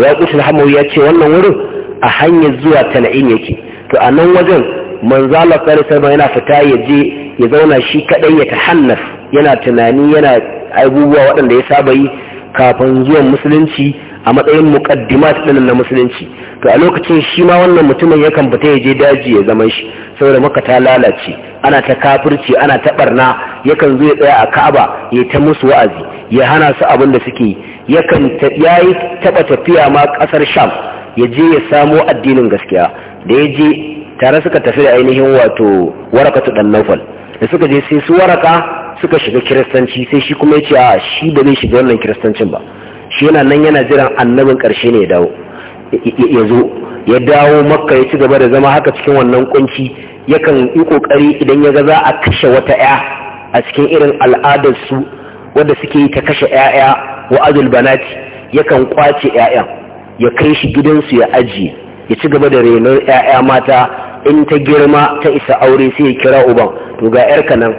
da ya kusa Hamawi ya ce wannan wurin a hanyar zuwa Tana'in yake to a nan wajen manzo tsari sarba yana fita ya je ya zauna shi kaɗai ya tahannas yana tunani yana abubuwa waɗanda ya saba yi kafin zuwan musulunci a matsayin muqaddimat ɗin na musulunci to a lokacin shi ma wannan mutumin yakan fita ya je daji ya zama shi saboda maka ta lalace ana ta kafirci ana ta barna yakan zo ya tsaya a Ka'aba ya ta musu wa'azi ya hana su abin da suke yakan yi taɓa tafiya ma kasar Sham ya je ya samo addinin gaskiya da ya je tare suka tafi da ainihin wato warakatu dan da suka je sai su waraka suka shiga kiristanci sai shi kuma ya ce a shi da zai shiga wannan kiristancin ba shi yana nan yana jiran annabin ƙarshe ne ya dawo ya zo ya dawo makka ya ci gaba da zama haka cikin wannan kunci yakan yi kokari idan ya ga za a kashe wata ya a cikin irin al'adar su wanda suke yi ta kashe ya'ya wa azul banati yakan kwace ya'yan ya kai shi gidansu ya ajiye ya ci gaba da renon ya'ya mata in ta girma ta isa aure sai ya kira uban to ga yarka nan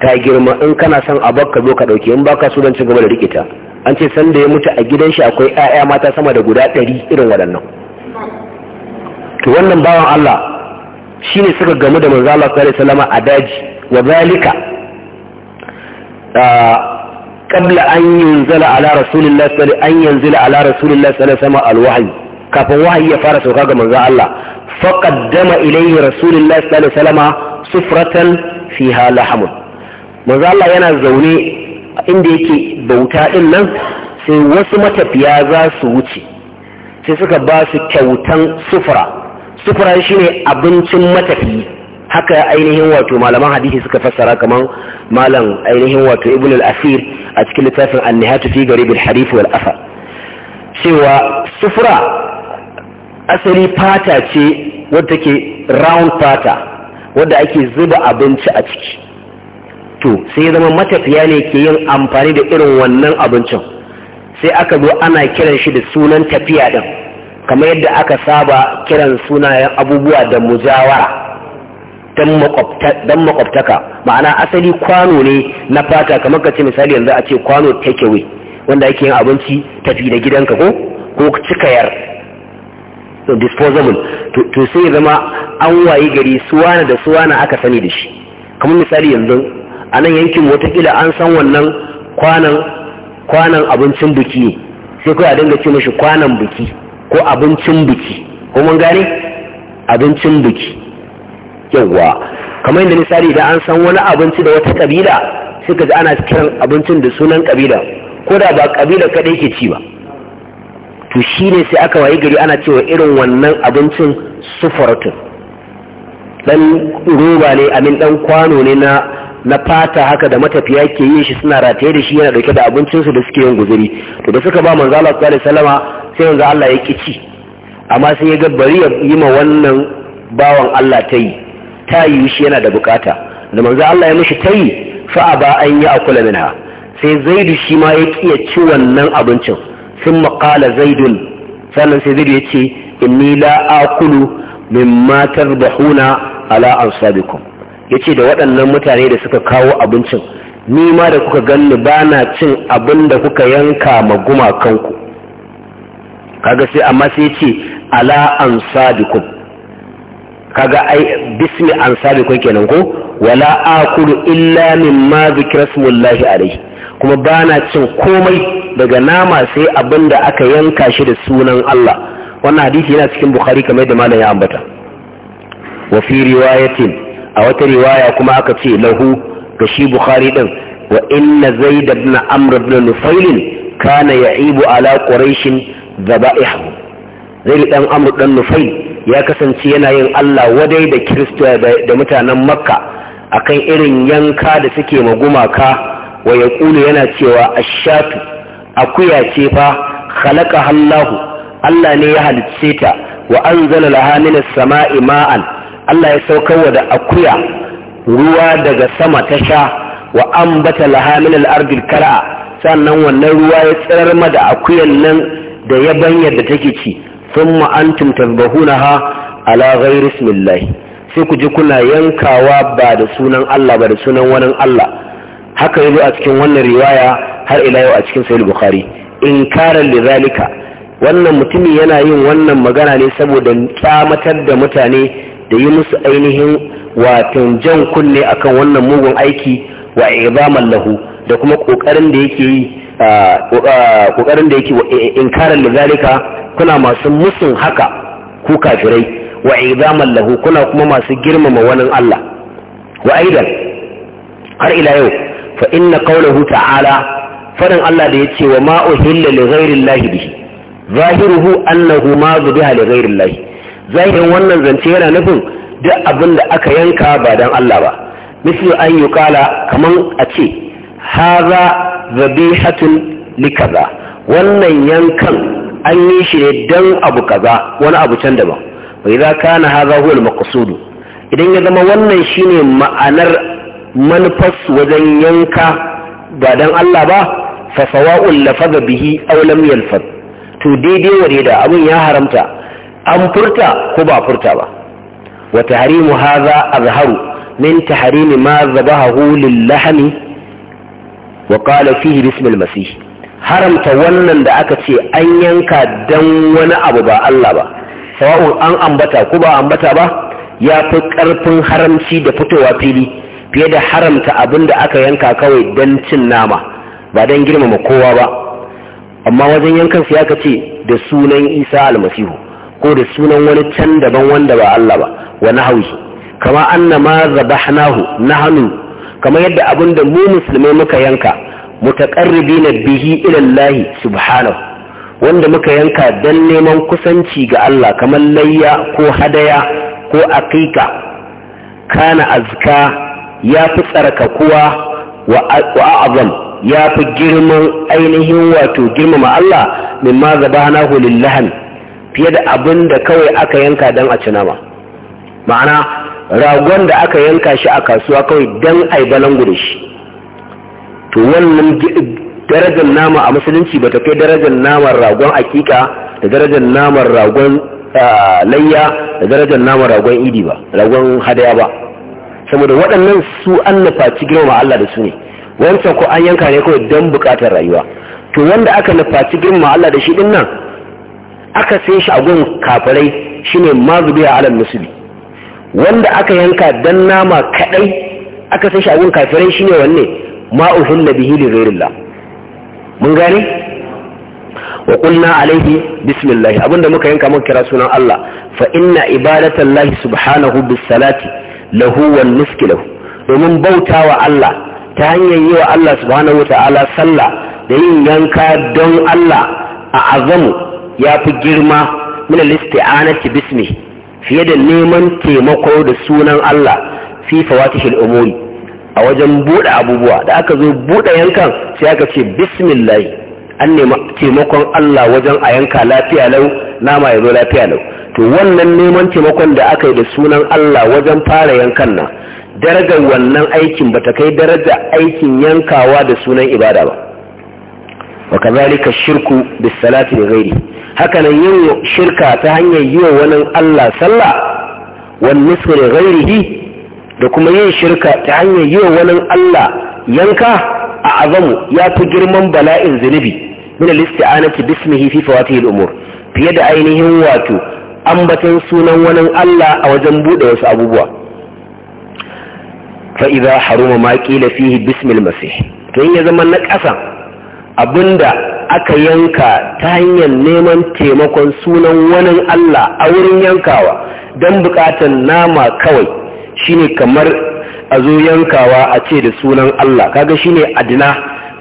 ta girma in kana son a bakka zo ka dauke in baka so don ci gaba da rikita an ce sanda ya mutu a gidan shi akwai 'ya'ya mata sama da guda ɗari irin waɗannan to wannan bawan Allah shine suka gamu da manzo Allah sallallahu alaihi wasallam a daji wa zalika qabla an yunzala ala rasulillah sallallahu an yanzila ala rasulillah sallallahu alaihi wasallam alwahyi kafin Wahyi ya fara sauka ga manzo Allah faqaddama ilayhi rasulillah sallallahu alaihi wasallam sufratan fiha lahamun manzo Allah yana zaune inda yake bauta ɗin nan sai wasu matafiya za su wuce sai suka ba su kyautan sufura sufura shi ne abincin matafiyi haka ainihin wato malaman hadisi suka fassara kamar malam ainihin wato ibn al-asir a cikin littafin al nihatu fi garib al-hadith wal cewa sufura asali fata ce wadda take round fata wadda ake zuba abinci a ciki to sai zama matafiya ne ke yin amfani da irin wannan abincin sai aka zo ana kiran shi da sunan tafiya din kamar yadda aka saba kiran sunayen abubuwa da mujawara don makwabtaka ma'ana asali kwano ne na fata kamar ka ce misali yanzu a ce kwano takeaway wanda ake yin abinci tafi da gidanka ko ko cikayar so disposable to sai zama an wayi gari suwana da suwana aka sani da shi kamar misali yanzu a nan yankin watakila an san wannan kwanan abincin biki ne sai kawai a dinga ce mashi kwanan biki ko abincin biki ko mun gane abincin biki yawwa kamar yadda misali idan an san wani abinci da wata kabila suka ji ana kiran abincin da sunan kabila ko da ba kabila kadai ke ci ba to shi ne sai aka waye gari ana cewa irin wannan abincin sufaratun dan roba ne amin dan kwano ne na na fata haka da matafiya ke yin shi suna rataye da shi yana dauke da abincinsu da suke yin guzuri to da suka ba manzo Allah sallallahu alaihi wasallama sai manzo Allah ya kici amma sai ya ga bari ya yi ma wannan bawan Allah tayi tayi shi yana da bukata da manzo Allah ya mishi tayi fa aba an ya akula minha sai zaidu shi ma ya kiya ci wannan abincin sun maqala zaidun sannan sai zaidu ya ce inni la akulu mimma tarbahuna ala ansabikum Ya ce da waɗannan mutane da suka kawo abincin ni ma da kuka ganni ba na cin abin da kuka yanka ma gumakanku kaga sai amma sai ce ala sadikun kaga ai bismi sadikun kenan ko wala akulu illa mimma zikra smullahi alaihi kuma ba na cin komai daga nama sai abin da aka yanka shi da sunan Allah wannan hadisi yana cikin bukhari kamar da malam ya ambata wa fi riwayatin a wata riwaya kuma aka ce lahu ga shi bukhari din wa inna zaid ibn amr ibn nufail kana ya'ibu ala quraish dhaba'ihu zaid dan amr ibn nufail ya kasance yana yin Allah wadai da kirista da mutanen makka akan irin yanka da suke magumaka wa yaqulu yana cewa ashatu akuya ce fa khalaqa Allah Allah ne ya halicce ta wa anzala laha minas sama'i ma'an Allah ya wa da akuya ruwa daga sama ta sha wa ambata laha min al kara? sannan wannan ruwa ya tsirar ma da akuyan nan da ya yabanyar da take ci sun thumma na ha ala ghairi ismillah sai ku ji kuna yankawa ba da sunan Allah ba da sunan wani Allah haka yazo a cikin wannan riwaya har ila yau a cikin sahih bukhari inkaran zalika wannan mutumi yana yin wannan magana ne saboda kyamatar da mutane da yi musu ainihin watan jan kunne akan wannan mugun aiki wa izaman lahu da kuma kokarin da yake yi kokarin da yake eh, eh, kuna masu musun haka ku kafirai wa izaman lahu kuna kuma masu girmama wani Allah wa aidan har ila yau fa inna hu ta'ala farin Allah da ya ce wa ma uhilla li ghayri llahi bihi zahiruhu annahu ma zubiha li ghayri llahi zahirin wannan zance yana nufin duk abin da aka yanka ba don Allah ba misli an yi kala kamar a ce haza zabihatun likaza wannan yankan an yi shi ne don abu kaza wani abu can daban bai za ka na haza huwal makasudu idan ya zama wannan shine ma'anar manufas wajen yanka ba don Allah ba fasawa'un lafaza bihi aw lam to daidai wa da abin ya haramta an furta ko ba furta ba wa tahrimu hadha azharu min tahrimi ma zabahu lillahmi wa qala fihi al masih haramta wannan da aka ce an yanka dan wani abu ba Allah ba sawa'un an ambata ko ba ambata ba ya fi karfin haramci da fitowa fili fiye da haramta abin da aka yanka kawai dan cin nama ba dan girmama kowa ba amma wajen yankan ya ka ce da sunan isa almasihu ko da sunan wani can daban wanda ba Allah ba wa haushi. kama anna ma zabahnahu hannu. kama yadda abinda mu musulmai muka yanka na bihi ila Allah subhanahu wanda muka yanka dan neman kusanci ga Allah kamar layya ko hadaya ko aqiqa kana azka ya fi kuwa wa a'azam ya fi girman ainihin wato girmama Allah mimma zabahnahu lillahi fiye da abin da kawai aka yanka don a ci ba, ma'ana ragon da aka yanka shi a kasuwa kawai don a yi balangu shi to wannan darajar nama a musulunci ba ta kai darajar naman ragon akika da darajar naman ragon layya da darajar naman ragon idi ba ragon hadaya ba saboda waɗannan su an ci girma Allah da su ne wancan ko an yanka ne kawai don buƙatar rayuwa to wanda aka ci girma Allah da shi din nan aka sai shi a gun kafirai shine mazubiya alal musulmi wanda aka yanka dan nama kadai aka sai shi a gun kafirai shine wanne ma uhulla bihili mun gane wa alaihi bismillah abinda muka yanka muka kira sunan Allah fa inna Lahi subhanahu bis salati lahu wal miski lahu domin bautawa Allah ta hanyar yi wa Allah subhanahu wa ta'ala sallah da yin yanka don Allah a azamu ya fi girma min al-isti'anati bismi fiye da neman taimako da sunan Allah fi fawatihil umuri a wajen bude abubuwa da aka zo bude yankan sai aka ce bismillah an nemi taimakon Allah wajen a yanka lafiya lau nama ya zo lafiya lau to wannan neman taimakon da aka yi da sunan Allah wajen fara yankan na, darajar wannan aikin ba ta kai darajar aikin yankawa da sunan ibada ba wa kazalika shirku bis salati ghairi hakanan yin shirka ta hanyar yi wa wani Allah sallah wani nisfu da da kuma yin shirka ta hanyar yi wa wani Allah yanka a azamu ya fi girman bala'in zunubi min al-isti'anati bismihi fi fawatihil umur fiye da ainihin wato ambaton sunan wani Allah a wajen bude wasu abubuwa fa idza haruma ma qila fihi bismil masih to in ya zama na ƙasa abinda aka yanka ta hanyar neman taimakon sunan wani Allah a wurin yankawa don bukatan nama kawai shine kamar a zo yankawa a ce da sunan Allah kaga shine adina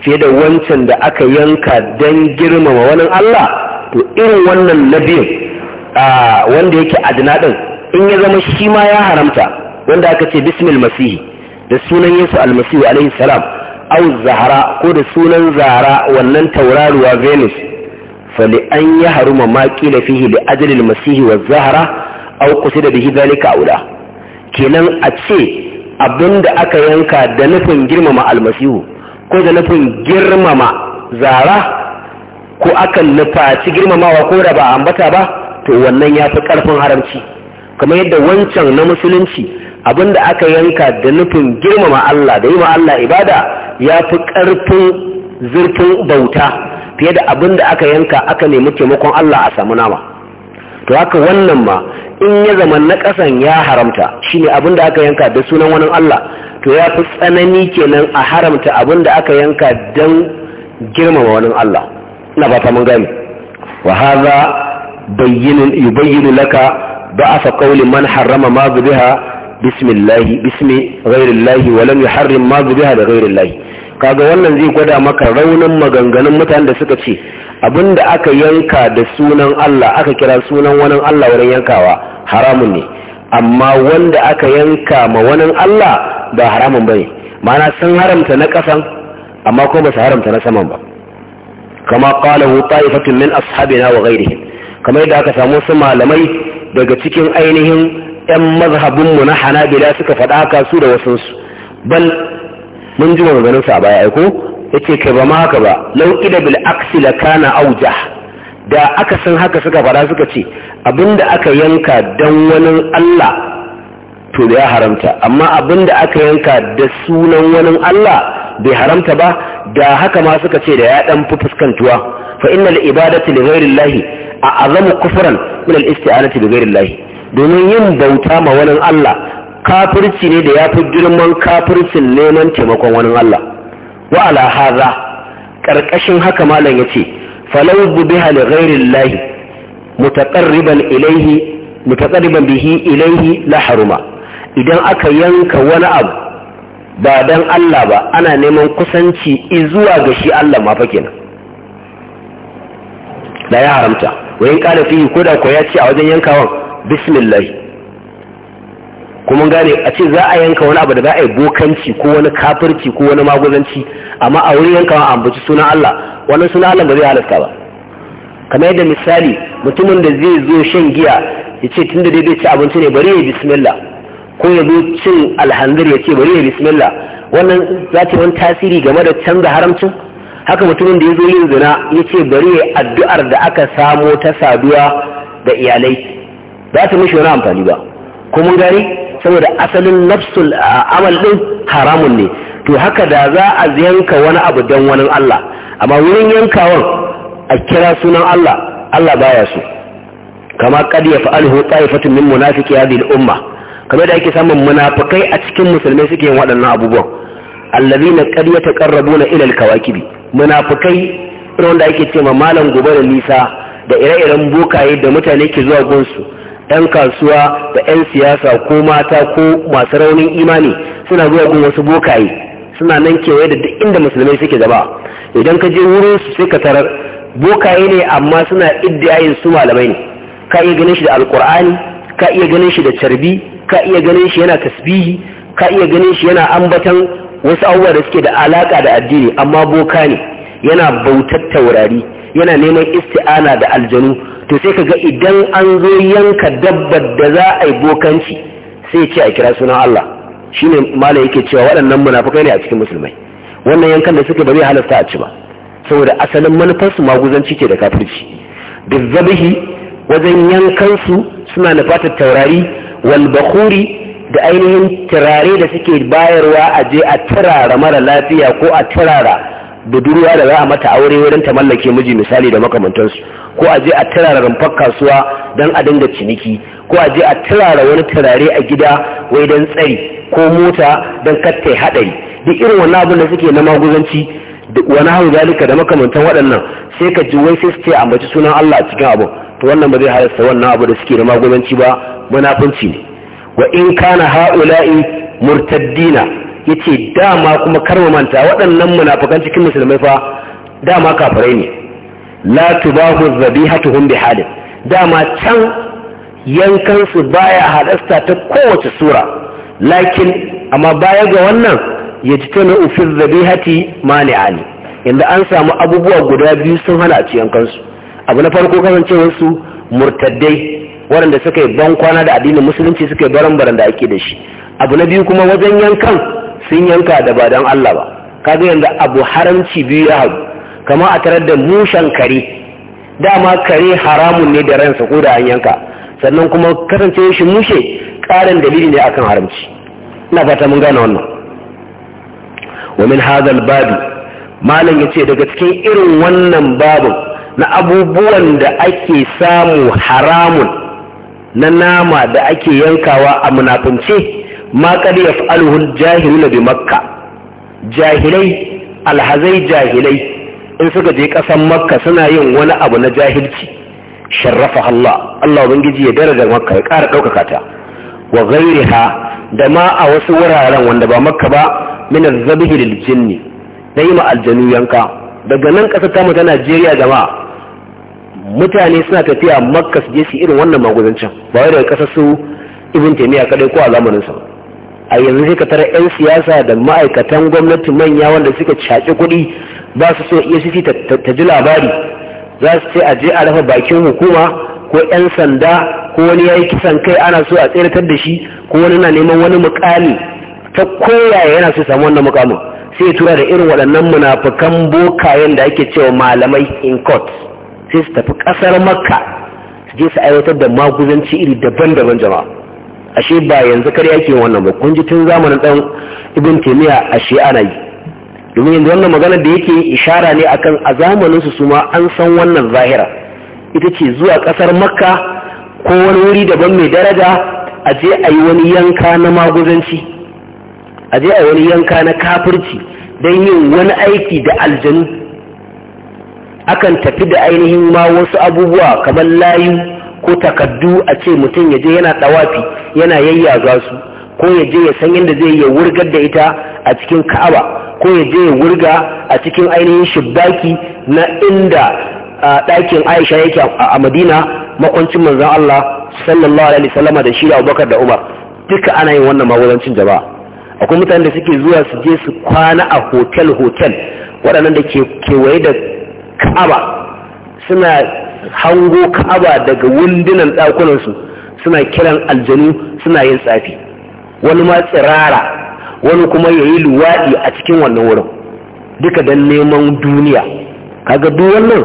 fiye da wancan da aka yanka don girmama wani Allah to irin wannan a wanda yake adina din in ya zama shi ma ya haramta wanda aka ce bismil masihi da sunan yesu almasihu alaihi salam au zahara ko da sunan zahara wannan tauraruwa venus fali an ya haruma ma kila fihi da ajalil masihi zahara au kusa da bihi zalika aula kenan a ce abinda aka yanka da nufin girmama almasihu ko da nufin girmama zara ko akan nufaci girmamawa ko da ba ambata ba to wannan ya fi ƙarfin haramci kamar yadda wancan na musulunci da aka yanka da nufin girmama Allah da yi ma Allah ibada ya fi ƙarfin zurfin bauta fiye da abinda aka yanka aka nemi taimakon Allah a samu nama to haka wannan ma in ya zama na ƙasan ya haramta shi shine abinda aka yanka da sunan wani Allah to ya fi tsanani kenan a haramta abinda aka yanka don girmama wani Allah ina ba ta mun gani wa yi bayyana laka fa qawli man harama ma zubiha bismillahi bismi ghairillahi wa lam yuharrim ma zubiha da ghairillahi kaga wannan zai gwada maka raunin maganganun mutanen da suka ce abinda aka yanka da sunan Allah aka kira sunan wani Allah wurin yankawa haramun ne amma wanda aka yanka ma wani Allah ba haramun bane ma'ana sun haramta na kasan amma kuma ba su haramta na saman ba kama qalahu ta'ifatun min ashabina wa ghairihim kamar da aka samu su malamai daga cikin ainihin ‘yan mazhabinmu na hanabila suka faɗa haka su da wasansu bal mun ji maganganunsa a baya aiko ya ce kai ba ma haka ba lauƙi da bil aksi la kana auja da aka san haka suka faɗa suka ce abinda aka yanka dan wani allah to da ya haramta amma abinda aka yanka da sunan wani allah bai haramta ba da haka ma suka ce da ya ɗan fi fuskantuwa fa innal ibadatu li ghairi llahi a azamu kufran min al isti'anati bi ghairi llahi domin yin bauta ma wani Allah kafirci ne da ya fi girman kafircin neman taimakon wani Allah wa ala haza ƙarƙashin haka malam ya ce falau bubiha li ghairin lahi mutaqarriban ilaihi mutaqarriban bihi ilaihi la haruma idan aka yanka wani abu ba dan Allah ba ana neman kusanci zuwa ga shi Allah ma fa da ya haramta wayin kana fi ko da ko ya ce a wajen yankawan bismillah kuma gane a ce za a yanka wani abu da za a yi bokanci ko wani kafirci ko wani maguzanci amma a wurin yanka a ambaci suna Allah wannan suna Allah ba zai halasta ba kama yadda misali mutumin da zai zo shan giya ya ce tun da dai ci abinci ne bari ya bismillah ko ya zo cin alhanzir ya ce bari ya bismillah wannan za ta wani tasiri game da canza haramcin haka mutumin da ya zo yin zina ya ce bari ya addu'ar da aka samo ta saduwa da iyalai ba ta mishi wani amfani ba kuma gari saboda asalin nafsul amal din haramun ne to haka da za a yanka wani abu don wani Allah amma wurin yankawan a kira sunan Allah Allah baya su. kama kad ya fa'alhu ta'ifatun min munafiqi hadhihi al-umma kamar da ake samun munafikai a cikin musulmai suke yin waɗannan abubuwan allazina qad yataqarrabuna ila al-kawakibi munafikai irin wanda yake cewa malam gobe da nisa da ire-iren bokaye da mutane ke zuwa gunsu 'yan kasuwa da 'yan siyasa ko mata ko masu raunin imani suna zuwa gun wasu bokaye suna nan kewaye da duk inda musulmai suke zaba. idan ka je wurin su sai ka tarar bokaye ne amma suna iddiyayin su malamai ne ka iya ganin shi da alkur'ani ka iya ganin shi da carbi ka iya ganin shi yana tasbihi ka iya ganin shi yana ambatan wasu abubuwa da suke da alaka da addini amma boka ne yana bautar taurari yana neman isti'ana da aljanu to sai ka ga idan an zo yanka dabbar da za a yi bokanci sai ce a kira sunan Allah shine malam yake cewa waɗannan munafukai ne a cikin musulmai wannan yankan da suke ba zai halasta a ci ba saboda asalin manufarsu maguzanci ke da kafirci zabihi wajen yankansu suna nufatar taurari wal da ainihin turare da suke bayarwa a je a turara mara lafiya ko a turara budurwa da za a mata aure wurin ta mallake miji misali da makamantansu ko a je a tirara rumfar kasuwa don a dinga ciniki ko a je a turara wani turare a gida wai don tsari ko mota don kattai haɗari duk irin wannan abin da suke na maguzanci wani hau zalika da makamantan waɗannan sai ka ji wai sai su ce mace sunan Allah a cikin abu to wannan ba zai halasta wannan abu da suke na maguzanci ba munafunci ne wa in kana ha'ula'i murtaddina ya yace dama kuma karma manta waɗannan munafikan cikin musulmai fa dama kafirai ne la tubahu dhabihatuhum bihalin dama can yankansu su baya halasta ta kowace sura lakin amma baya ga wannan ya yajtanu zabihati mani mani'ani inda an samu abubuwa guda biyu sun hana a ci yankansu abu na farko kasancewar su murtaddai waɗanda suka yi ban kwana da addinin musulunci suka yi baran baran da ake da shi abu na biyu kuma wajen yankan sun yanka da ba don Allah ba kaga yanzu abu haramci biyu ya hau kama a tarar da mushen kare dama kare haramun ne da ransa ko da an yanka sannan kuma kasance shi mushe karin dalili ne akan haramci ina fata mun gane wannan wa min hadal babi malam yace daga cikin irin wannan babu na abubuwan da ake samu haramun na nama da ake yankawa a munafunce ma qad yaf'aluhu al-jahiluna bi makka jahilai alhazai jahilai in suka je kasan makka suna yin wani abu na jahilci sharrafa Allah Allah ubangiji ya daraja makka ya ƙara ɗaukaka ta wa ghayriha da ma a wasu wuraren wanda ba makka ba min azzabihi lil jinni da yi ma yanka daga nan ƙasar ta ta Najeriya jama'a mutane suna tafiya makka su je su irin wannan magudancin ba wai daga kasa su ibn taymiya kadai ko a zamanin sa a yanzu sai ka tara 'yan siyasa da ma'aikatan gwamnati manya wanda suka caci kuɗi ba su so efcc ta ji labari za su ce a je a rafa bakin hukuma ko 'yan sanda ko wani ya yi kisan kai ana so a tseratar da shi ko wani na neman wani mukami ta koyaya yana so samu wannan mukamin sai tura da irin waɗannan munafukan bokayen da ake cewa malamai in court sai su tafi ƙasar makka su je su aiwatar da maguzanci iri daban-daban jama'a ashe ba yanzu kare yake wannan ba kun ji tun zamanin dan ibn taymiya ashe ana yi domin yanzu wannan magana da yake ishara ne akan a zamanin su suma an san wannan zahira ita ce zuwa kasar makka ko wani wuri daban mai daraja a je a yi wani yanka na maguzanci a je a yi wani yanka na kafirci don yin wani aiki da aljanu akan tafi da ainihin ma wasu abubuwa kamar layu ko takaddu a ce mutum ya je yana ɗawafi yana yayyaga su ko ya je ya san yadda zai ya wurgar da ita a cikin ka'aba ko ya je ya wurga a cikin ainihin shibbaki na inda ɗakin aisha yake a madina makwancin manzan allah sallallahu alaihi sallama da shi da abubakar da umar duka ana yin wannan magudancin jaba akwai mutane da suke zuwa su je su kwana a hotel hotel waɗannan da ke kewaye da ka'aba suna hango ka'aba daga wundunan ɗakunansu suna kiran aljanu suna yin tsafi wani ma tsirara wani kuma ya yi luwaɗi a cikin wannan wurin duka don neman duniya kaga duk wannan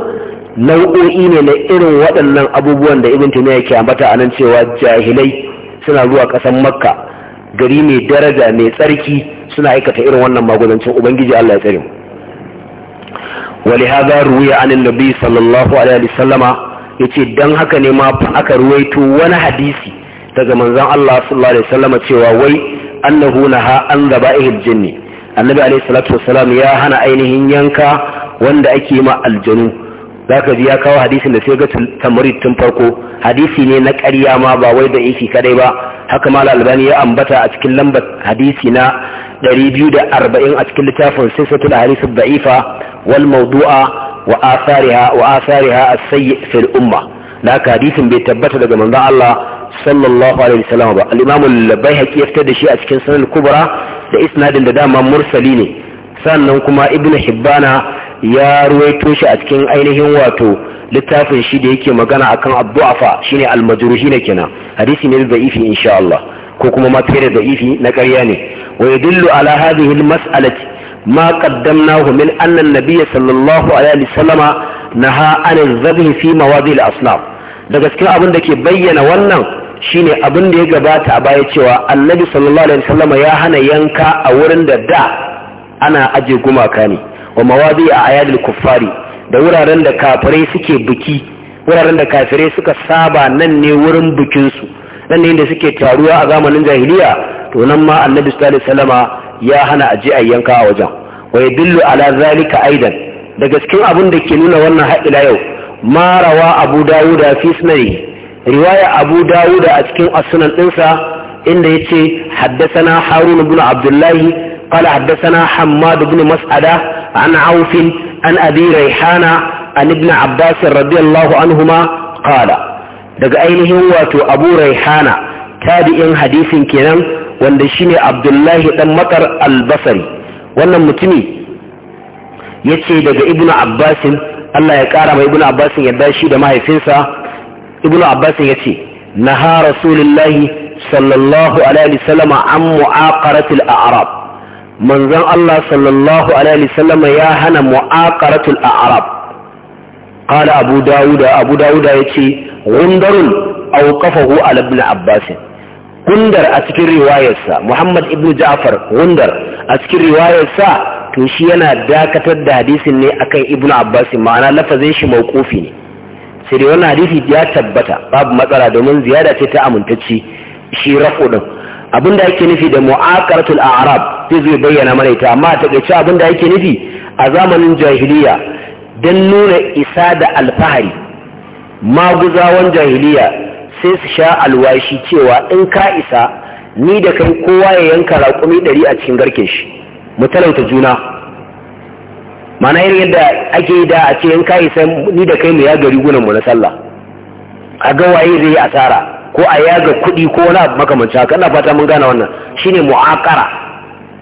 nau'o'i ne na irin waɗannan abubuwan da ibn timiya ke ambata a nan cewa jahilai suna zuwa ƙasar makka gari mai daraja mai tsarki suna aikata irin wannan magudancin ubangiji allah ya tsare mu ولهذا روي عن النبي صلى الله عليه وسلم yace dan haka ne ma aka ruwaito wani hadisi daga manzon Allah sallallahu alaihi wasallam cewa wai annahu naha an zaba'ihil jinni annabi alaihi salatu wasalam ya hana ainihin yanka wanda ake ma aljanu zaka ji ya kawo hadisi da sai ga tamrid tun farko hadisi ne na ƙarya ma ba wai da yake kaɗai ba haka mal albani ya ambata a cikin lambar hadisi na 240 a cikin littafin da hadisi da'ifa والموضوع وآثارها وآثارها السيء في الأمة لك حديث بيتبت لك من الله صلى الله عليه وسلم shi الإمام البيهقي يفتد شيء أسكن سنة الكبرى لإسناد Mursali مرسلين sannan kuma ibn hibbana ya ruwaito shi a cikin ainihin wato littafin shi da yake magana akan abdu'afa shine al na kenan hadisi ne da'ifi insha Allah ko kuma ma fiye da da'ifi na ƙarya ne wa yadullu ala hadhihi al-mas'alati ما قدمناه من أن النبي صلى الله عليه وسلم نهى عن الذبح في مواضع الأصنام Da cikin abin da ke bayyana wannan shine abin da ya gabata a baya cewa annabi sallallahu alaihi wasallam ya hana yanka a wurin da da ana aje gumaka ne wa mawadi a ayadil kuffari da wuraren da kafirai suke biki wuraren da kafirai suka saba nan ne wurin bikinsu nan ne inda suke taruwa a zamanin jahiliya to nan ma annabi sallallahu alaihi wasallama ya hana aje a yanka a wajen Wai billu ala zalika aidan daga cikin abin da ke nuna wannan haƙila yau ma rawa abu dawuda fi sunani riwaya abu dawuda a cikin asunan ɗinsa inda ya ce haddasana harun ibn abdullahi qala haddasana hammad ibn mas'ada an auf an abi raihana an ibn abbas radiyallahu anhuma qala daga ainihin wato abu raihana tabi'in hadisin kenan wanda shine abdullahi dan makar albasari wannan mutumi ya ce daga ibnu abbasin allah ya kara mai ibnu abbasin ya dashi da mahaifinsa ibnu abbasin ya ce na ha rasulullahi sallallahu alaihi wasallama an mu'aqaratil a'rab manzon allah sallallahu alaihi wasallama ya hana mu'aqaratul a'rab قال Abu داود أبو داود يتي غندر أوقفه على ابن Abbasin. gundar a cikin riwayarsa muhammad ibn ja'far gundar a cikin riwayarsa to shi yana dakatar da hadisin ne akan ibn abbas ma'ana lafazin shi mawqufi ne sai dai wannan hadisi ya tabbata babu matsala domin ziyada ce ta amintacci shi rafu din abinda yake nufi da mu'aqaratul a'rab sai zai bayyana mana ita amma ta cewa abinda yake nufi a zamanin jahiliya dan nuna isa da alfahari maguzawan jahiliya sai su sha alwashi cewa in ka isa ni da kai kowa ya yanka raƙumi ɗari a cikin garke shi mu talauta juna mana yin yadda ake yi da a ce in ka isa ni da kai mu ya gari gunan mu na sallah a ga waye zai yi asara ko a yaga kuɗi ko wani abu makamanci haka ina fata mun gane wannan shine mu'akara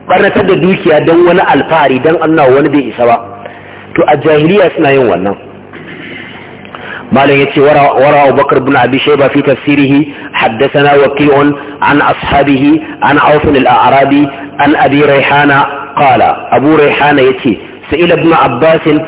barnatar da dukiya don wani alfahari don Allah wani bai isa ba to a jahiliya suna yin wannan malam yace wara wara Abubakar ibn Abi Shayba fi tafsirihi haddathana waqi'un an ashabihi an Auf al-Arabi an Abi Rayhana qala Abu Rayhana yace sa'ila ibn Abbas an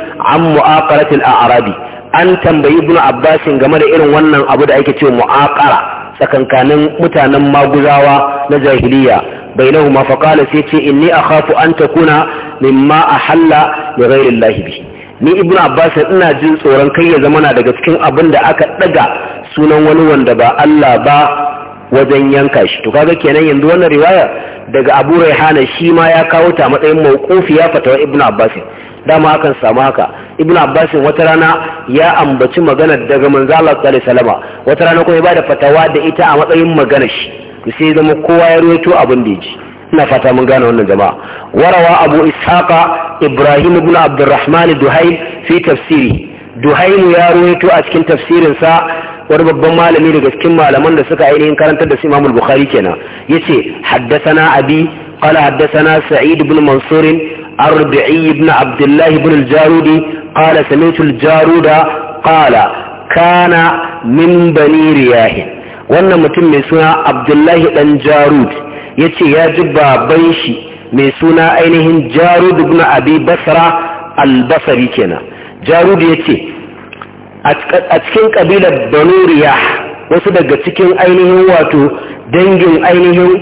mu'aqarat al-Arabi an tambayi ibn Abbas game da irin wannan abu da ake cewa mu'aqara tsakankanin mutanen maguzawa na jahiliya bainahuma faqala sai ce inni akhafu an takuna mimma ahalla li ghayri Allah bihi ni ibn abbas ina jin tsoron kai ya zama na daga cikin abin da aka daga sunan wani wanda ba Allah ba wajen yanka shi to kaga kenan yanzu wannan riwaya daga abu raihana shi ma ya kawo ta matsayin mawqufi ya fatawa ibn abbas dama akan samu haka ibn abbas wata rana ya ambaci magana daga manzo Allah sallallahu alaihi wasallam wata rana kuma ya bada fatawa da ita a matsayin magana shi sai zama kowa ya ruwaito abin da ya ji ina fata mun gane wannan jama'a warawa abu isaka ibrahim ibn abdurrahman duhail fi tafsiri duhaimu ya ruwaito a cikin tafsirin sa wani babban malami daga cikin malaman da suka ainihin karantar da su imamul bukhari kenan yace haddathana abi قال حدثنا سعيد بن منصور الربعي بن عبد الله jarudi الجارودي قال سمعت الجارود قال كان من بني رياه wannan mutum mai suna abdullahi dan jarud ya ce ya ji baban shi mai suna ainihin jarud ibn abi basra albasari kenan jarud ya ce a cikin ƙabilar banu wasu daga cikin ainihin wato dangin ainihin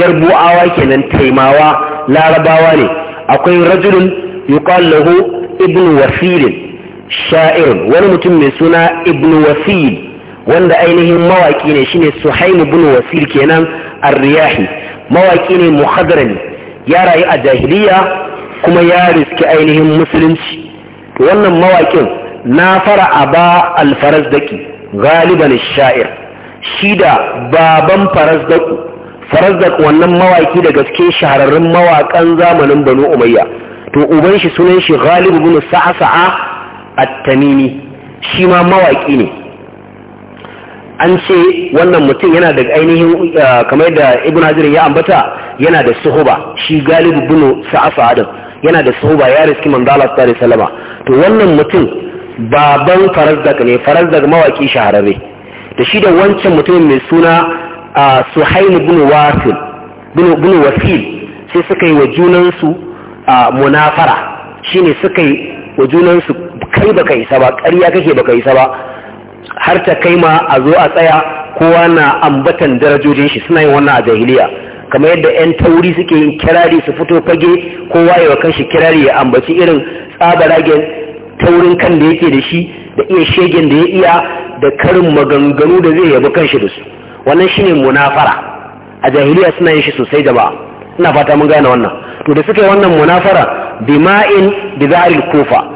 yarbu'awa kenan taimawa larabawa ne akwai rajulun yuqal lahu ibn wasil sha'ir wani mutum mai suna ibn wasil wanda ainihin mawaki ne shine suhaim ibn wasil kenan ar-riyahi mawaki ne muhadarami ya rayu a jahiliya kuma ya riski ainihin musulunci wannan mawakin na fara a alfaras daki galiban sha'ir shi da baban faras daku wannan mawaki da gaske shahararrun mawakan zamanin banu umayya to uban shi sunan shi galibu bin sa'a at-tamimi shi ma mawaki ne an ce wannan mutum yana da ainihin uh, kamar da ibn hajar ya ambata yana da suhuba shi galibu bunu sa'afa adam yana da suhuba ya riski manzala sallallahu alaihi Salama to wannan mutum baban farazdak ne farazdak mawaki shahararre da shi da wancan mutum mai suna uh, suhail bin wasil bin wasil sai suka yi wa junansu uh, munafara shine suka yi wa junansu kai baka isa ba ƙarya kake baka isa ba har ta kai ma a zo a tsaya kowa na ambatan darajojin shi suna yin wannan a jahiliya kamar yadda 'yan tauri suke yin kirari su fito fage kowa yawa kan shi kirari ya ambaci irin tsabaragen taurin kan da yake da shi da iya shegen da ya iya da karin maganganu da zai yabi kanshi da su wannan shine munafara a jahiliya suna yin shi sosai jama'a ina fata mun gane wannan to da suka yi wannan munafara bima'in bizaril kufa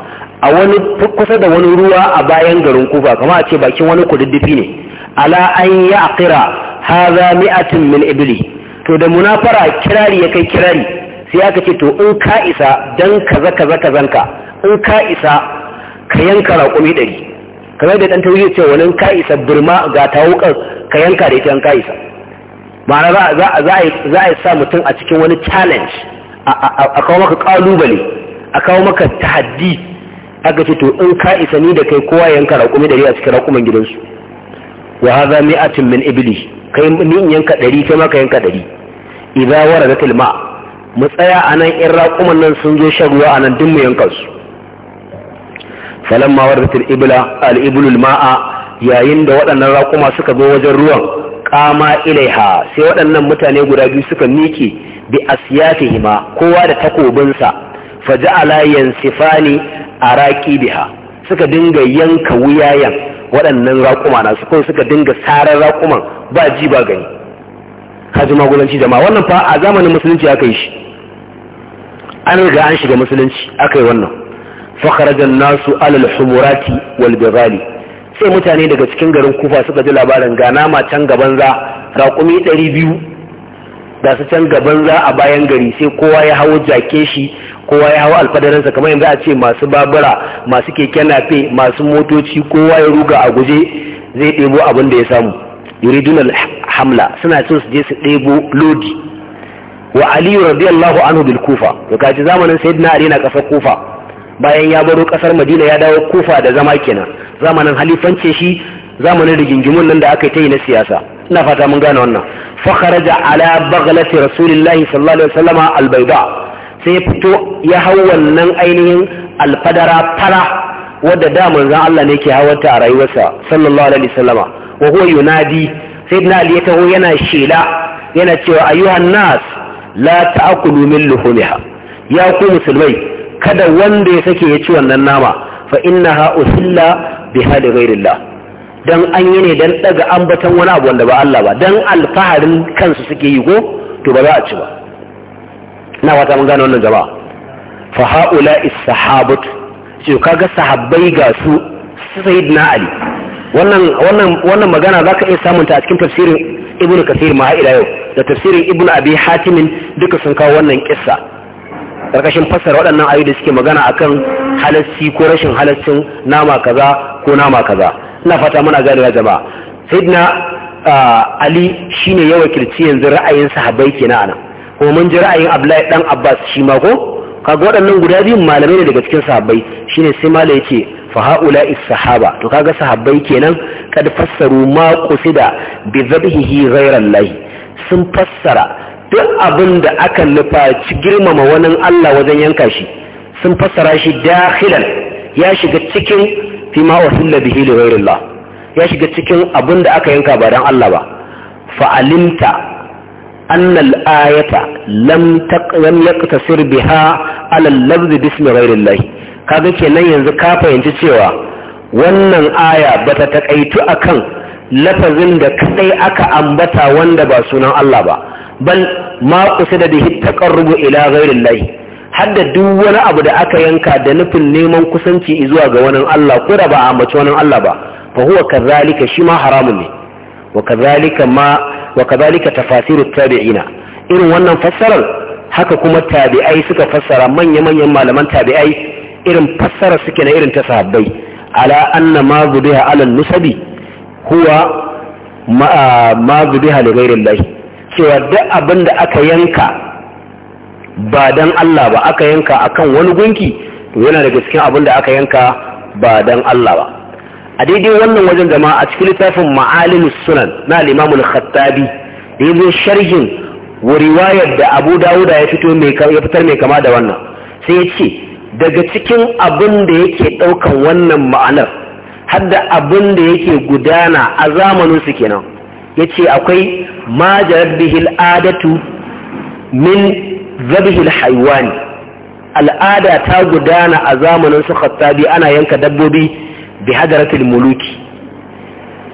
a wani kusa da wani ruwa a bayan garin kufa kama a ce bakin wani kududdufi ne ala an ya akira haza mi'atin min ibili, to da munafara kirari ya kai kirari sai aka ce to in ka isa dan kaza kaza kazanka in ka isa ka yanka raƙumi ɗari kama da ɗan tauri ce wani ka isa birma ga tawukan ka yanka da ita ka isa ma'ana za a yi sa mutum a cikin wani challenge a kawo maka ƙalubale a kawo maka tahaddi aka ce to in ka isa ni da kai kowa yanka raƙumi dari a cikin raƙuman gidansu wa hadha mi'atun min ibli kai ni in yanka dari kai ma ka yanka dari idza waradat al-ma mu tsaya anan in raƙuman nan sun zo shan ruwa anan din mu yanka su falamma waradat al-ibla al-iblu al-ma'a yayin da waɗannan raƙuma suka zo wajen ruwan kama ilaiha sai waɗannan mutane guda biyu suka miƙe bi asiyatihima kowa da takobinsa faja'ala yansifani araki raƙi biha suka dinga yanka wuyayen waɗannan raƙuma na suka dinga sarar raƙuman ba ji ba gani kaji magulanci jama'a wannan fa a zamanin musulunci aka yi shi an riga an shiga musulunci aka yi wannan fakarajan nasu alal humurati wal bidali sai mutane daga cikin garin kufa suka ji labarin ga nama can gaban za raƙumi ɗari biyu da su can gaban za a bayan gari sai kowa ya hawo jake shi kowa ya hau alfadarinsa kamar yanzu a ce masu babura masu keke nafe masu motoci kowa ya ruga a guje zai ɗebo abin da ya samu yuridun hamla suna so su je su ɗebo lodi wa aliyu radiyallahu anhu bil kufa to kaji zamanin sayyidina na arena kasar kufa bayan ya baro kasar madina ya dawo kufa da zama kenan zamanin halifance shi zamanin rigingimun nan da aka yi ta yi na siyasa ina fata mun gane wannan fa kharaja ala baghlati rasulillahi sallallahu alaihi wasallama al-bayda sai fito ya hau wannan ainihin alfadara fara wadda da manzon Allah ne ke hawata a rayuwarsa sallallahu alaihi wasallama wa huwa yunadi na ali ya taho yana shela yana cewa ayyuhan nas la ta'kulu min luhumiha ya ku musulmai kada wanda ya sake ya ci wannan nama fa innaha usilla biha li ghairillah dan an yi ne dan daga ambatan wani abu wanda ba Allah ba dan alfaharin kansu suke yi ko to ba za a ci ba na wata mun gane wannan jama'a fa haula ishabut sahabat ka kaga sahabbai ga su sayyidina ali wannan wannan wannan magana zaka iya samunta a cikin tafsirin ibnu kasir ma ila yau da tafsirin ibnu abi hatim duka sun kawo wannan kissa karkashin fassara waɗannan ayoyi da suke magana akan halasci ko rashin halarcin nama kaza ko nama kaza ina fata muna ya jama'a sayyidina ah, ali shine ya wakilci yanzu ra'ayin sahabbai kenan anan ko mun ji ra'ayin Abdullahi dan Abbas shi ma ko kaga waɗannan guda biyun malamai ne daga cikin sahabbai shine sai mala yace fa haula sahaba to kaga sahabbai kenan kad fassaru ma qusida bi dhabhihi ghayra Allah sun fassara duk abin da aka nufa ci girmama wani Allah wajen yanka shi sun fassara shi dakhilan ya shiga cikin fima uhilla bihi li ghayri Allah ya shiga cikin abin da aka yanka ba dan Allah ba fa alimta أن الآية لم تق... لم يقتصر بها على اللفظ باسم غير الله kaga kenan yanzu ka fahimci cewa wannan aya bata takaitu akan lafazin da kadai aka ambata wanda ba sunan Allah ba bal ma da bihi taqarrubu ila ghairillahi hadda duk wani abu da aka yanka da nufin neman kusanci zuwa ga wani Allah ko da ba a ambaci wani Allah ba fa huwa kadhalika shi ma haramun ne wa kazalika ma wa kazalika tafasiru irin wannan fassarar haka kuma tabi'ai suka fassara manya-manyan malaman tabi'ai irin fassara suke na irin ta sahabbai ala anna ma zubiha ala nusabi huwa ma zubiha li ghairin cewa duk abin da aka yanka ba dan Allah ba aka yanka akan wani gunki to yana daga cikin abin da aka yanka ba dan Allah ba a daidai wannan wajen jama'a a cikin littafin ma'alin sunan na limamun khattabi da yanzu sharhin wa riwayar da abu dawuda ya fito ya fitar mai kama da wannan sai ya ce daga cikin abin da yake ɗaukan wannan ma'anar har da abin da yake gudana a zamanin su kenan ya ce akwai majarar bihil adatu min zabihil haiwani al'ada ta gudana a zamanin su khattabi ana yanka dabbobi bi hadaratul muluki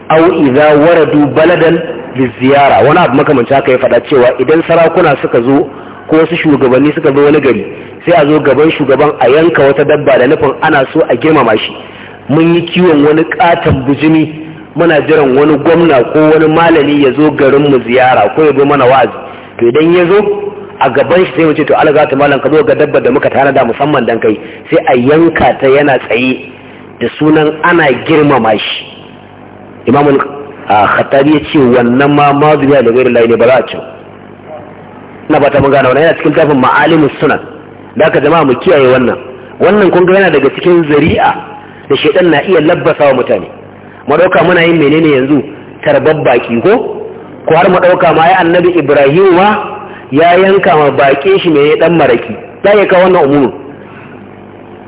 aw idza waradu baladan liziyara wani abu makamancin haka ya faɗa cewa idan sarakuna suka zo ko wasu shugabanni suka zo wani gari sai a zo gaban shugaban a yanka wata dabba da nufin ana so a girmama shi mun yi kiwon wani katon bujimi muna jiran wani gwamna ko wani malami ya zo garin mu ziyara ko ya zo mana wa'azi to idan ya zo a gaban shi sai mu ce to za ta malam ka zo ga dabba da muka tanada musamman dan kai sai a yanka ta yana tsaye da sunan ana girmama shi imamun khattabi ya ce wannan ma mazubiya da gairin layi ne ba za a ci na ba ta mun gane wannan yana cikin tafin ma'alimin sunan da aka jama'a mu kiyaye wannan wannan kun ga yana daga cikin zari'a da shaidan na iya labbasa wa mutane Madauka muna yin menene yanzu tarbar baki ko ko har mu ma ya annabi ibrahim ma ya yanka ma bakin shi mai dan maraki da ya ka wannan umuru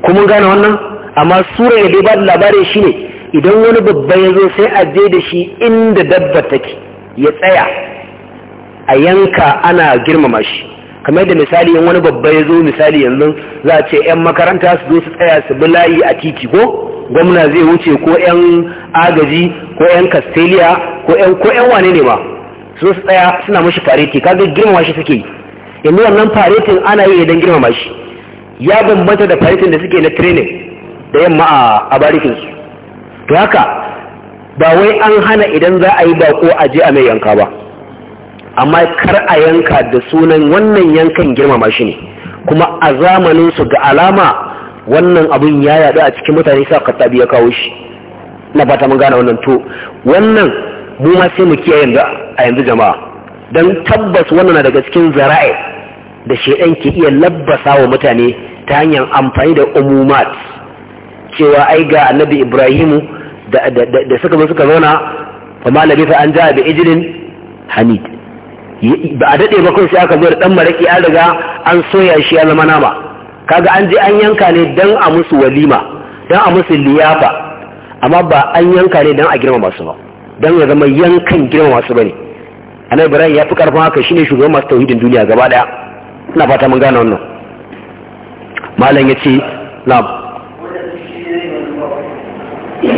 kuma gane wannan amma sura ya bai ba da labarin shi ne idan wani babba ya zo sai a je da shi inda dabba take ya tsaya a yanka ana girmama shi kamar da misali in wani babba ya zo misali yanzu za a ce 'yan makaranta su zo su tsaya su bi layi a titi ko gwamna zai wuce ko 'yan agaji ko 'yan castelia ko 'yan ko 'yan wane ne ba su su tsaya suna mashi fareti kaga girmama shi suke yi yanzu wannan faretin ana yi idan girmama shi ya bambanta da faretin da suke na training da yamma a barikinsu to haka ba wai an hana idan za a yi bako a je a mai yanka ba amma kar a yanka da sunan wannan yankan girmama shi ne kuma a zamaninsu ga alama wannan abin ya yadu a cikin mutane sa kattabi ya kawo shi na fata mun gane wannan to wannan mu ma sai mu kiyaye a yanzu jama'a dan tabbas wannan na daga cikin zara'i da shedan ke iya labbasa wa mutane ta hanyar amfani da umumat cewa ai ga annabi ibrahimu da suka zo suka zauna fa malami fa an ja bi ijlin hamid ba a dade ba kun sai aka zo da dan maraki an riga an soya shi ya zama nama kaga an je an yanka ne dan a musu walima dan a musu liyafa amma ba an yanka ne dan a girma masu ba dan ya zama yankan girma masu bane annabi ibrahim ya fi karfin haka shine shugaban masu tauhidin duniya gaba daya ina fata mun gane wannan malam yace na'am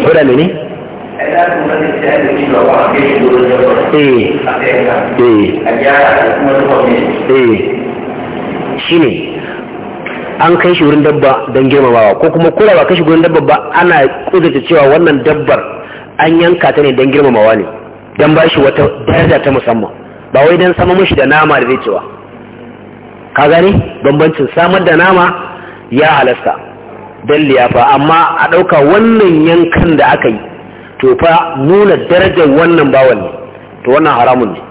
ko da mene eh. Eh. Eh. shine an kai shi wurin dabba don girmamawa ko kuma kura ba kai shi wurin dabba ba ana kudurta cewa wannan dabbar an yanka ta ne don girmamawa ne don ba shi wata daraja ta musamman ba wai don sama mashi da nama da zai cewa ka gani bambancin samar da nama ya halasta don liyafa amma a ɗauka wannan yankan da aka yi to fa nuna darajar wannan bawan ne to wannan haramun ne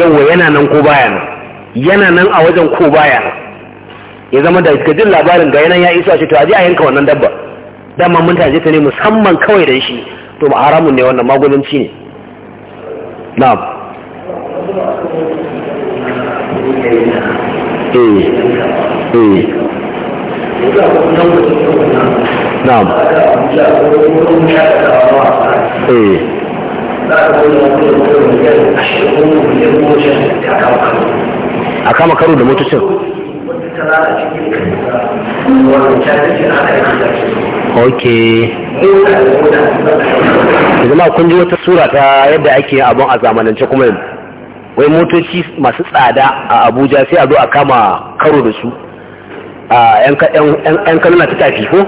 yawa yana nan ko baya nan yana nan a wajen ko baya nan ya zama da ka jin labarin ga yanan ya isa shi to aje a yanka wannan dabba dama mun taje ta ne musamman kawai da shi to ba haramun ne wannan magudanci ne na'am eh eh نعم eh a kama karo da motocin ok zama kun ji wata sura ta yadda ake abin a zamanance kuma wai motoci masu tsada a abuja sai a zo a kama karo da su yan kanana ta tafi ko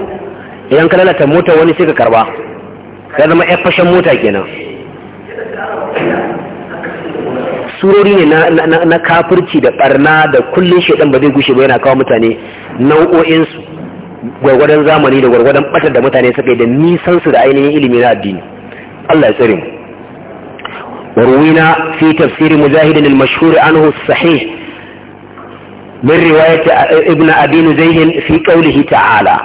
yan kanana ta mota wani sai ka karba ya zama yan fashen mota kenan surori ne na kafirci da barna da kullum shaidan ba zai gushe ba yana kawo mutane nau'o'insu gwargwadon zamani da gwargwadon batar da mutane suka da nisansu da ainihin ilimi na addini Allah ya tsare mu warwina fi tafsiri mujahidin al-mashhur anhu sahih min riwayati eh, ibn abin zaihin fi qawlihi ta'ala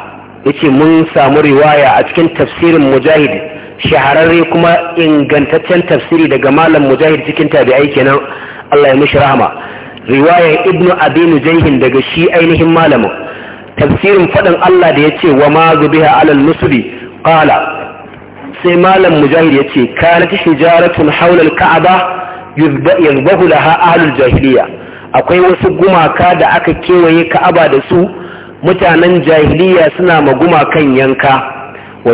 yace mun samu riwaya a cikin tafsirin mujahid shahararre kuma ingantaccen tafsiri daga malam mujahid cikin tabi'ai kenan Allah ya mishi rahama riwayar ibn abin zaihin daga shi ainihin malamin tafsirin faɗin Allah da yace wa ma zubiha alal musubi qala sai malam mujahid yace kanat shijaratun hawla al-ka'aba yuzbahu ha ahlul jahiliya akwai wasu gumaka da aka kewaye ka'aba da su mutanen jahiliya suna ma gumakan yanka wa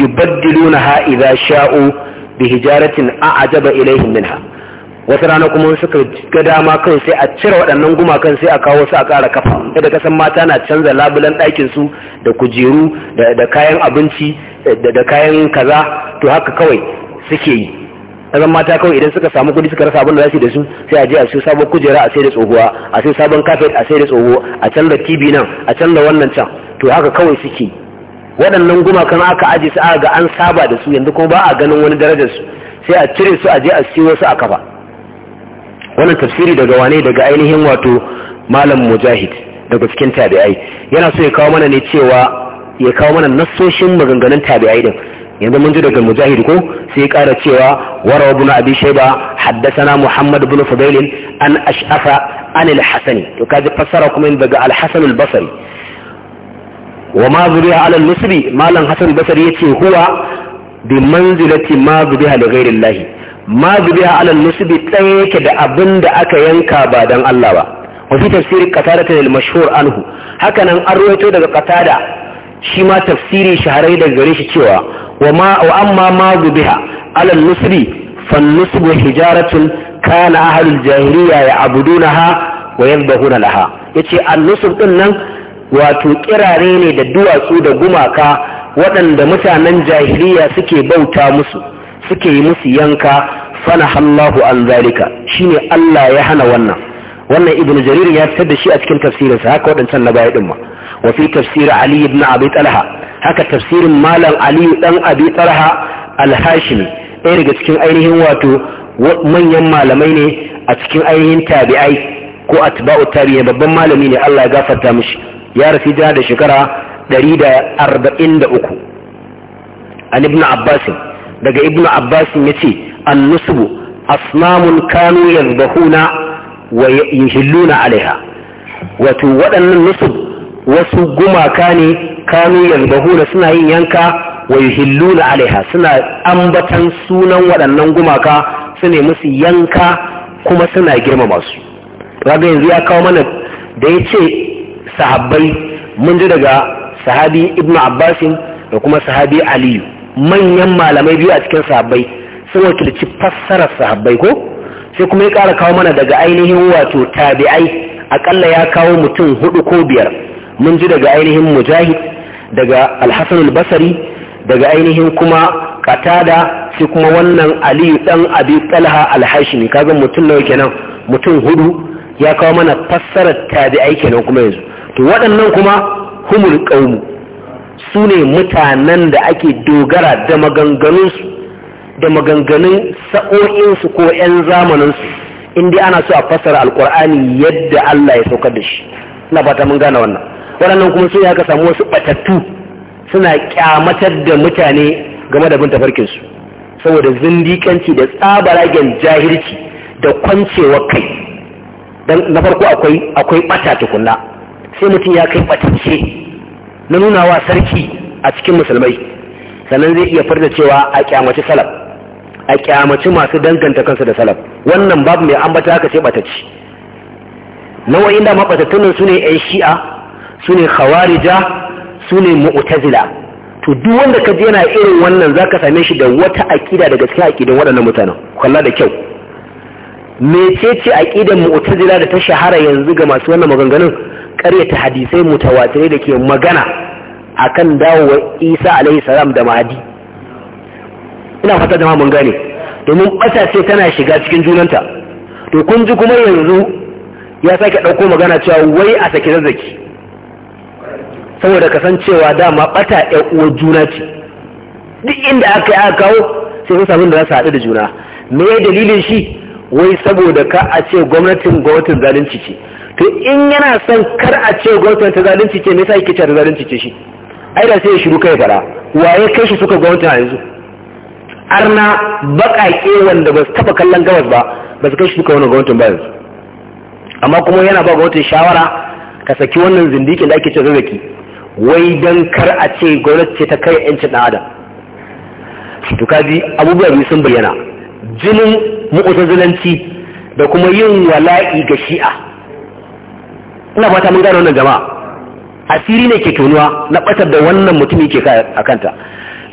yubaddiluna ha idza sha'u bi hijaratin a'jaba ilaihim minha wata rana kuma suka ga dama kan sai a cire waɗannan gumakan sai a kawo su a ƙara kafa da kasan mata na canza labulan ɗakin su da kujeru da kayan abinci da kayan kaza to haka kawai suke yi azan mata kawai idan suka samu kudi suka rasa abin da za su da su sai a je a siyo sabon kujera a sai da tsohuwa a sai sabon kafet a sai da tsohuwa a canza tv nan a canza wannan can to haka kawai suke waɗannan gumakan aka aje su aka ga an saba da su yanzu kuma ba a ganin wani darajar su sai a cire su a je a siyo su a kafa wannan tafsiri daga wane daga ainihin wato malam mujahid daga cikin tabi'ai yana so ya kawo mana ne cewa ya kawo mana nasoshin maganganun tabi'ai din yanzu mun ji daga mujahid ko sai kara cewa warawa bin abi shaiba haddasana muhammad bin fudailin an ash'afa an al-hasani to kaji fassara kuma daga al-hasan al wa ma zuriya ala al-musri malam hasan basri yace huwa bi manzilati ma zuriya li ghairi allah ma zuriya ala al-musri tsaye yake da abin da aka yanka ba dan Allah ba wa fi tafsir qatada al-mashhur anhu hakanan an wato daga qatada shi ma tafsiri shaharai daga gare shi cewa wa amma ma gubiha ala nusri fan nusbu hijaratun kana ahlul jahiliya ya abudunaha wa yadhbahuna laha yace an nusb din nan wato kirare ne da duwatsu da gumaka waɗanda mutanen jahiliya suke bauta musu suke yi musu yanka fana Allahu an zalika shine Allah ya hana wannan wannan ibnu jarir ya fitar da shi a cikin tafsirinsa haka waɗancan na baya din ma wa fi tafsir ali ibn abi talha haka tafsirin malam aliyu dan abi talha al-hashimi daga cikin ainihin wato manyan malamai ne a cikin ainihin tabi'ai ko atba'u tabi'i babban malami ne Allah ya gafarta mishi ya rasu jira da shekara ɗari 143 an ibn abbas daga ibn abbas yace an-nusbu asnamun kanu yadhbahuna wa yuhilluna alaiha wato waɗannan nusub wasu gumaka ne kanu da suna yin yanka wa na alaiha suna ambatan sunan waɗannan gumaka su ne musu yanka kuma suna girma masu. Raga yanzu ya kawo mana da ya ce sahabbai mun ji daga sahabi ibn abbasin da kuma sahabi aliyu manyan malamai biyu a cikin sahabbai sun wakilci fassarar sahabbai ko sai kuma ya ƙara kawo mana daga ainihin wato tabi'ai akalla ya kawo mutum hudu ko biyar mun ji daga ainihin mujahid daga alhassan albasari daga ainihin kuma katada sai kuma wannan aliyu dan abi talha alhashimi kaga mutum nawa kenan mutum hudu ya kawo mana fassarar tabi'ai kenan kuma yanzu to waɗannan kuma humul qaumu su ne mutanen da ake dogara da su da maganganun sa'o'insu ko 'yan zamaninsu dai ana so a fassara alkur'ani yadda Allah ya saukar da shi na fata mun gane wannan waɗannan kuma sun yaka samu wasu ɓatattu suna kyamatar da mutane game da bin tafarkinsu saboda zindikanci da tsabaragen jahilci da kwancewa kai don na farko akwai akwai tukuna. sai mutum ya kai ɓatacce na nuna wa sarki a cikin musulmai sannan zai iya farda cewa a kyamaci salaf a kyamaci masu danganta kansu da salaf wannan babu mai ambata haka ce batacce nawa inda ɓatattunan su ne 'yan shi'a su ne khawarija su ne mu'tazila to duk wanda ka ji yana irin wannan zaka same shi da wata akida daga cikin akidan waɗannan mutanen kalla da kyau mecece akidan mu'tazila da ta shahara yanzu ga masu wannan maganganun ƙaryata hadisai mutawatirai da ke magana akan dawowa Isa alaihi salam da Mahdi ina fata jama'a mun gane domin ɓata ce tana shiga cikin junanta to kun ji kuma yanzu ya sake ɗauko magana cewa wai a saki zazzaki saboda kasancewa dama bata ɗan uwar juna ce duk inda aka yi aka kawo sai sun samu da za su haɗu da juna me ya dalilin shi wai saboda ka a ce gwamnatin gwamnatin zalunci ce to in yana son kar a ce gwamnatin ta zalunci ce me yasa yake cewa zalunci ce shi ai da sai ya shiru kai fara waye kai shi suka gwamnatin a yanzu arna baƙaƙe wanda ba su taɓa kallon gabas ba ba su kai shi suka wani gwamnatin ba yanzu amma kuma yana ba gwamnatin shawara ka saki wannan zindikin da ake ce zazzaki wai don kar a ce gwamnati ce ta kai yanci ɗan adam to ji abubuwa biyu sun bayyana jinin zulanci da kuma yin wala'i ga shi'a ina fata mun gano wannan jama'a asiri ne ke tonuwa na batar da wannan mutum yake a kanta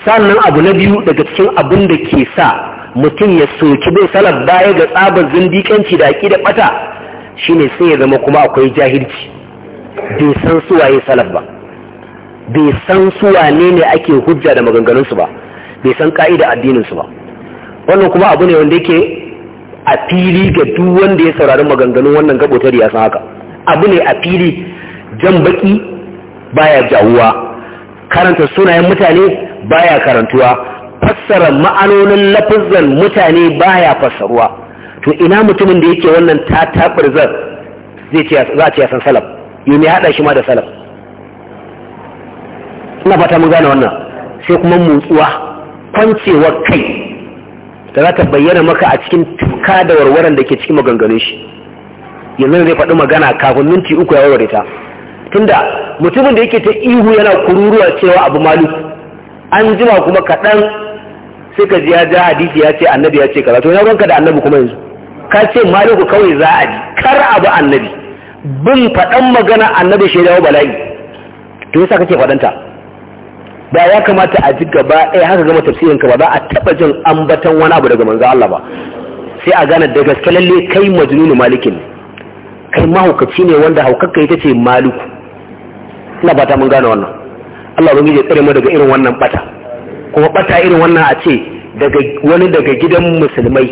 sannan abu na biyu daga cikin abin da ke sa mutum ya soki bai salaf baya ga tsabar zindikanci da aki da bata shine sai ya zama kuma akwai jahilci bai san suwaye salaf ba bai san su wane ne ake hujja da maganganunsu ba bai san ka'ida addininsu ba wannan kuma abu ne wanda yake a fili ga duk wanda ya saurari maganganun wannan gabotar ya san haka abu ne a fili jan baki baya jawuwa karanta sunayen mutane baya karantuwa fassara ma'anonin lafizan mutane baya fassaruwa to ina mutumin da yake wannan ta tabirzar zai ce a ya san salaf yi haɗa shi ma da salaf ina fata mun gane wannan sai kuma motsuwa kwancewar kai da za ta bayyana maka a cikin tuka da warwaran da ke cikin maganganun shi yanzu zai faɗi magana kafin minti uku ya warware ta tunda mutumin da yake ta ihu yana kururuwa cewa abu malu an jima kuma kaɗan sai ka ji ya ja hadisi ya ce annabi ya ce kaza to ya ganka da annabi kuma yanzu ka ce maliku kawai za a ji kar abu annabi bin faɗan magana annabi shaidawa bala'i to yasa kake faɗanta da ya kamata a ji gaba ɗaya haka gama tafsirin ka ba za a taɓa jin ambatan wani abu daga manzo Allah ba sai a gane da gaske lalle kai majnunu malikin kai mahaukaci ne wanda haukakka ita ce maliku ina ba ta mun gane wannan Allah ba ya tsare mu daga irin wannan bata kuma bata irin wannan a ce daga wani daga gidan musulmai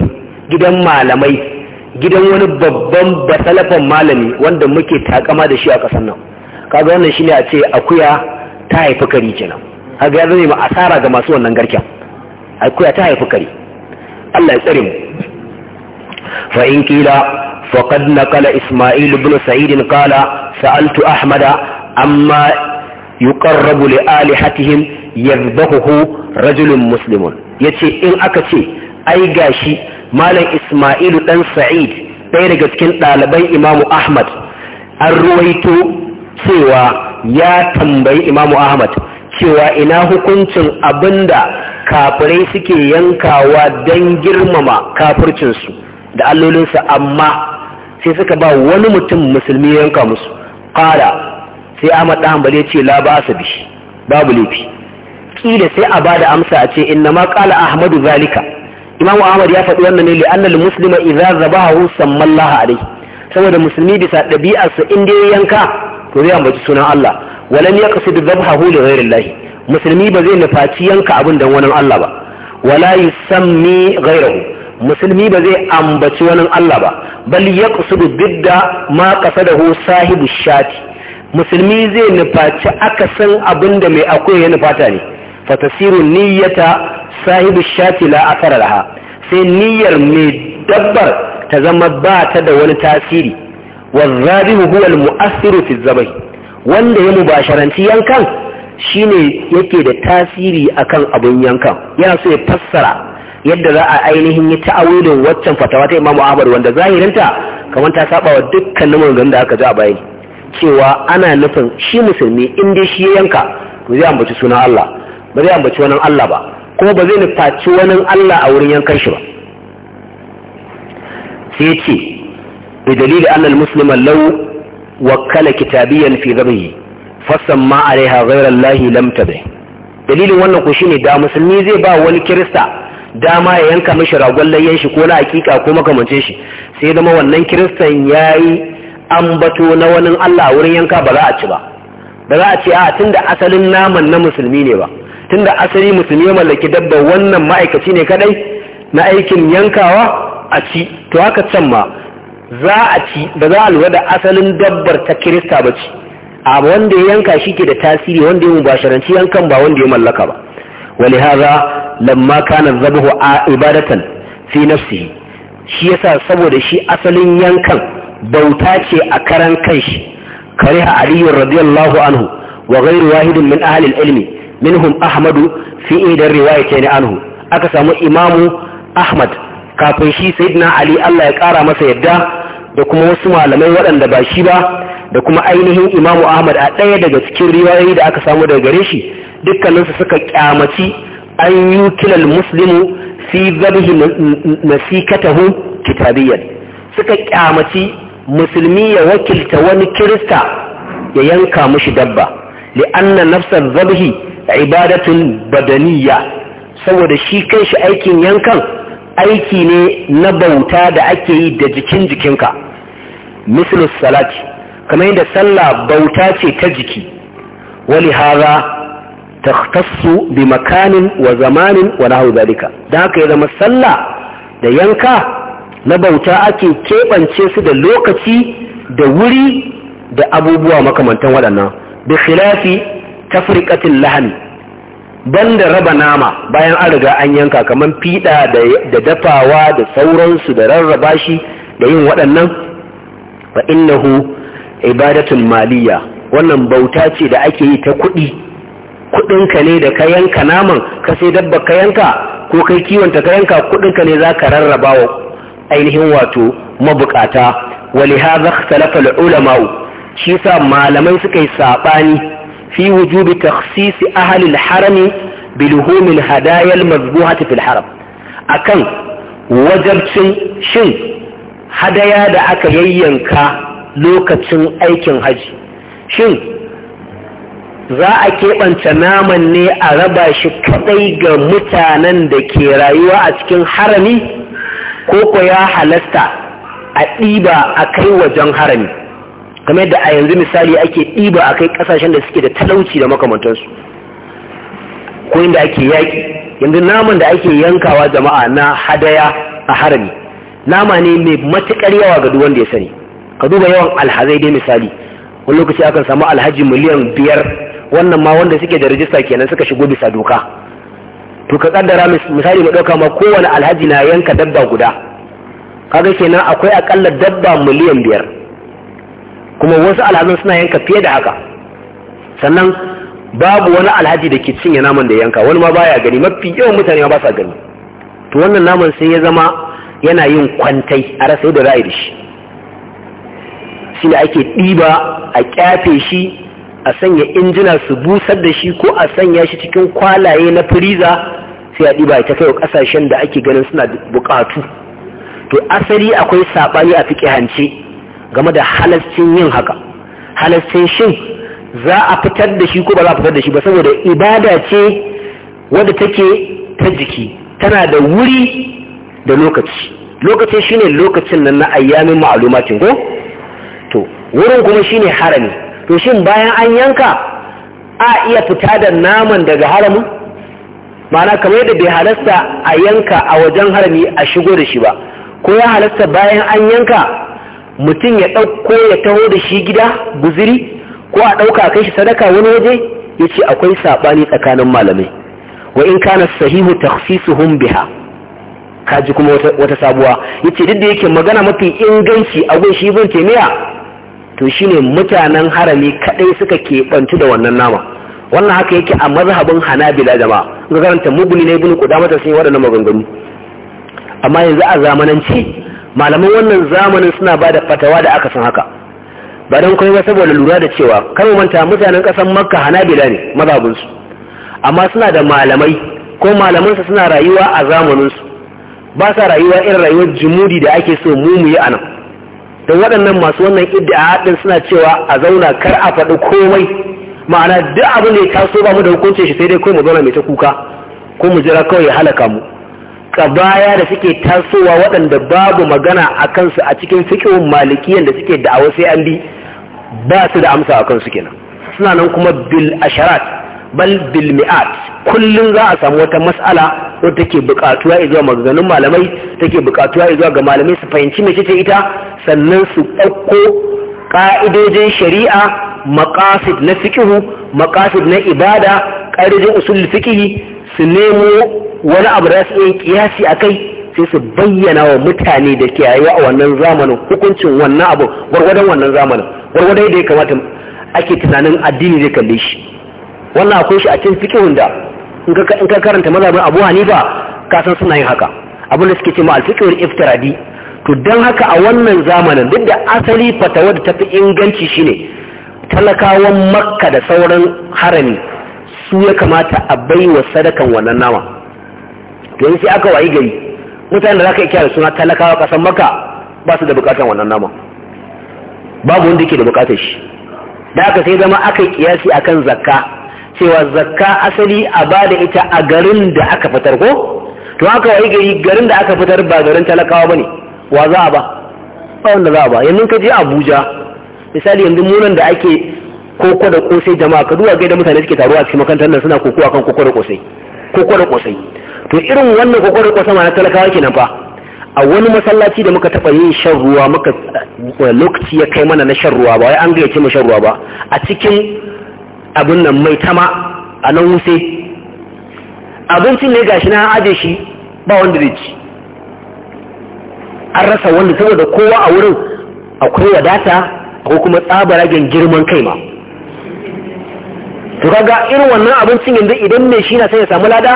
gidan malamai gidan wani babban basalafan malami wanda muke takama da shi a ƙasar nan kaga wannan shine a ce akuya ta haifi kari kenan har ga zai ma asara ga masu wannan garken kuya ta haifi kare Allah ya tsare mu fa in kila qad naqala isma'il ibn sa'id qala sa'altu ahmad amma yuqarrabu li alihatihim yadhbahu rajulun muslimun yace in aka ce ai gashi malam isma'il dan sa'id ɗaya daga cikin ɗaliban imamu ahmad an ruwaito cewa ya tambayi imamu ahmad cewa ina hukuncin abinda kafirai suke yankawa don girmama kafircinsu da allolinsu amma sai suka ba wani mutum musulmi yanka musu ƙara sai ahmad ɗanbali ce la ba su bishi babu laifi ƙila sai a ba da amsa a ce inna ma ƙala ahmadu zalika imamu ahmad ya faɗi wannan ne musulma iza zaba hu sammallaha dai saboda musulmi bisa ɗabi'arsa in ya yanka to zai ambaci sunan Allah walam yaqsid dhabhahu li ghayri Allah musulmi ba zai nufaci yanka abin da wani Allah ba wala yusammi ghayrahu musulmi ba zai ambaci wani Allah ba bal yaqsidu bidda ma qasadahu sahibu shati musulmi zai nufaci akasin abin da mai akwai ya nufata ne fatasiru niyyata sahibu shati la sai niyyar mai dabbar ta zama ba ta da wani tasiri والذابه هو المؤثر في الذبح wanda ya mubasharanci yankan shine yake da tasiri akan abin yankan yana so ya fassara yadda za a ainihin yi ta'awilin waccan fatawa ta Imam Ahmad wanda zahirinta kamar ta saba wa dukkanin maganganun da aka ji a bayani cewa ana nufin shi musulmi in dai shi yanka ba zai ambaci sunan Allah ba zai ambaci wani Allah ba kuma ba zai nufaci wani Allah a wurin yankan shi ba sai ce da dalilin annal musulman lau. wakala kitabiyan fi zabihi ma alaiha ghayra lahi lamta bai. dalilin wannan ku ne da musulmi zai ba wani kirista dama ya yanka mashi ragon layyan shi ko na hakika ko makamance shi sai zama wannan kiristan ya yayi ambato na wani Allah wurin yanka ba za a ci ba da za a ce a da asalin naman na musulmi ne ba Tun da asali musulmi ya mallaki dabba wannan ma'aikaci ne kadai na aikin yankawa a ci to haka can ma za a ci ba za a lura da asalin dabbar ta kirista ba ci. a wanda ya yanka shi ke da tasiri wanda ya mubasharanci yankan ba wanda ya mallaka ba wani haza lamma kana zabahu a ibadatan fi nafsihi shi yasa saboda shi asalin yankan bauta ce a karan kare kariha aliyu radiyallahu anhu wa gairu wahidin min ahli ilmi minhum ahmadu fi ce ni anhu aka samu imamu ahmad kafin shi sayyidina ali Allah ya kara masa yadda da kuma wasu malamai waɗanda ba shi ba da kuma ainihin imamu ahmad a ɗaya daga cikin riwayoyi da aka samu daga gare shi dukkaninsu suka kyamaci an yi kilal muslimu fi zabihi nasikatahu suka kyamaci musulmi ya wakilta wani kirista ya yanka mushi dabba li'anna nafsar zabihi ibadatun badaniya saboda shi kai shi aikin yankan aiki ne na bauta da ake yi da jikin jikinka mislus salati kamar yadda sallah bauta ce ta jiki wali hara takhtassu bi makanin wa zamanin wa nahu zalika da haka ya zama sallah da yanka na bauta ake keɓance su da lokaci da wuri da abubuwa makamantan waɗannan bi khilafi tafriqatil lahani banda raba nama bayan an riga an yanka kamar fiɗa da dafawa da sauransu da rarraba shi da yin waɗannan fa innahu ibadatul maliya wannan bauta ce da ake yi ta kuɗi kuɗinka ne da ka yanka naman ka sai dabba ka yanka ko kai kiwonta ka yanka kuɗinka ne za ka rarraba wa ainihin wato mabukata wali hadha ulama'u shi sa malamai suka yi saɓani? fi wujubi takhsis ahli al-harami bi luhum al-hadaya al-mazbuhati fil haram akan wajabcin shin hadaya da aka yayyanka lokacin aikin haji shin za a keɓance naman ne a raba shi kaɗai ga mutanen da ke rayuwa a cikin harami ko ko ya halasta a ɗiba a kai wajen harami kamar yadda a yanzu misali ake ɗiba a kai ƙasashen da suke da talauci da makamantansu ko inda ake yaƙi yanzu naman da ake yankawa jama'a na hadaya a harami nama ne mai matuƙar yawa ga duwanda da ya sani ka duba yawan alhazai dai misali wani lokaci akan samu alhaji miliyan biyar wannan ma wanda suke da rijista kenan suka shigo bisa doka to ka kaddara misali mu ɗauka ma kowane alhaji na yanka dabba guda kaga kenan akwai akalla dabba miliyan biyar kuma wasu alhazan suna yanka fiye da haka sannan babu wani alhaji da ke cinye naman da yanka wani ma baya gani mafi yawan mutane ma ba sa gani to wannan naman sai ya zama yana yin kwantai a rasa da ra'ayi da shi shi da ake ɗiba a kyafe shi a sanya injina su busar da shi ko a sanya shi cikin kwalaye na firiza sai a ɗiba ta kai ƙasashen da ake ganin suna buƙatu to asali akwai saɓani a fiƙe hance game da halascin yin haka halascin shin za a fitar da shi ko ba za a fitar da shi ba saboda ibada ce wadda take ta jiki tana da wuri da lokaci lokacin shine lokacin nan na ayyamin ma'lumatin ko to wurin kuma shine harami to shin bayan an yanka a iya fita da naman daga haramun ma'ana kamar yadda bai halasta a yanka a wajen harami a shigo da shi ba ko ya halasta bayan an yanka mutum ya ɗauko ya taho da shi gida guziri ko a ɗauka kai shi sadaka wani waje ya ce akwai saɓani tsakanin malamai wa in kana sahihu takhsisuhum biha ji kuma wata sabuwa ya ce duk da yake magana mafi inganci a gun shi zan taymiya to shi ne mutanen harami kaɗai suka keɓantu da wannan nama wannan haka yake a mazhabin hanabila jama'a ga garanta muguni na ibn sun yi waɗannan maganganu amma yanzu a zamanance malaman wannan zamanin suna ba da fatawa da aka san haka ba don kai ba saboda lura da cewa kan manta mutanen kasan makka hanabila ne mazabinsu amma suna da malamai ko malamansa suna rayuwa a zamaninsu ba sa rayuwa irin rayuwar jimudi da ake so mu mu yi a nan don waɗannan masu wannan a haɗin suna cewa a zauna kar a faɗi komai ma'ana duk abin da ya taso ba mu da hukuncin shi sai dai kawai mu zauna mai ta kuka ko mu jira kawai ya halaka mu kabaya da suke tasowa waɗanda babu magana a kansu a cikin fikihun malikiyan da suke da awa sai an bi ba su da amsa a kansu kenan suna nan kuma bil asharat bal bil mi'at kullun za a samu wata mas'ala wadda take buƙatuwa zuwa maganganun malamai take buƙatuwa zuwa ga malamai su fahimci mai ce ita sannan su ɗauko ƙa'idojin shari'a maqasid na fikihu maqasid na ibada ƙa'idojin usul fikihi su nemo wani abu da su yi kiyasi a kai sai su bayyana wa mutane da ke yayi a wannan zamanin hukuncin wannan abu gwargwadon wannan zamanin gwargwadon da ya kamata ake tunanin addini zai kalle shi wannan akwai shi a cikin fikihun da in ka karanta mazabin Abu Hanifa ka san suna yin haka abin da suke cewa al-fiqhul iftiradi to dan haka a wannan zamanin duk da asali fatawa da tafi inganci shine talakawan Makka da sauran harami su ya kamata a bai wa sadakan wannan nama to yin sai aka wayi gari mutanen da za ka yi kyara suna talakawa kasan maka ba su da bukatan wannan nama babu wanda yake da bukatar shi da aka sai zama aka yi kiyasi akan zakka cewa zakka asali a ba da ita a garin da aka fitar ko to aka wayi gari garin da aka fitar ba garin talakawa bane wa za a ba ba wanda za a ba yanzu ka je abuja misali yanzu munan da ake koko da kosai jama'a ka duwa gaida mutane suke taruwa a cikin makarantar nan suna kokowa kan koko da kosai koko da kosai to irin wannan koko da kosai ma talakawa kenan fa a wani masallaci da muka taba yin shan ruwa muka eh, lokaci ya kai mana na shan ruwa ba wai an gayyace mu shan ruwa ba a cikin abin nan mai tama a nan wuse abincin ne gashi na aje shi ba wanda zai ci an rasa wanda saboda kowa a wurin akwai wadata ko kuma tsabaragen girman kai ma to kaga irin wannan abincin yanzu idan mai shi na sai ya samu lada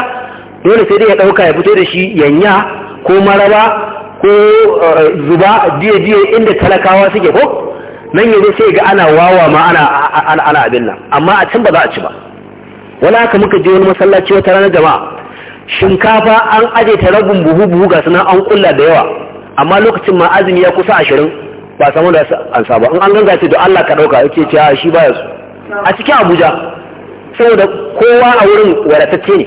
dole sai dai ya dauka ya fito da shi yanya ko maraba ko eh, zuba diye-diye inda talakawa suke ko nan yanzu sai ga ana wawa ma ana abin nan amma a can ba za a ci ba wala haka muka je wani masallaci wata ranar jama'a shinkafa an aje ta rabin buhu buhu ga sunan an kulla da yawa amma lokacin ma azumi ya kusa ashirin ba samu da an saba in an ganga ce da Allah ka dauka yace ce shi baya su a cikin Abuja saboda kowa a wurin wadatacce ne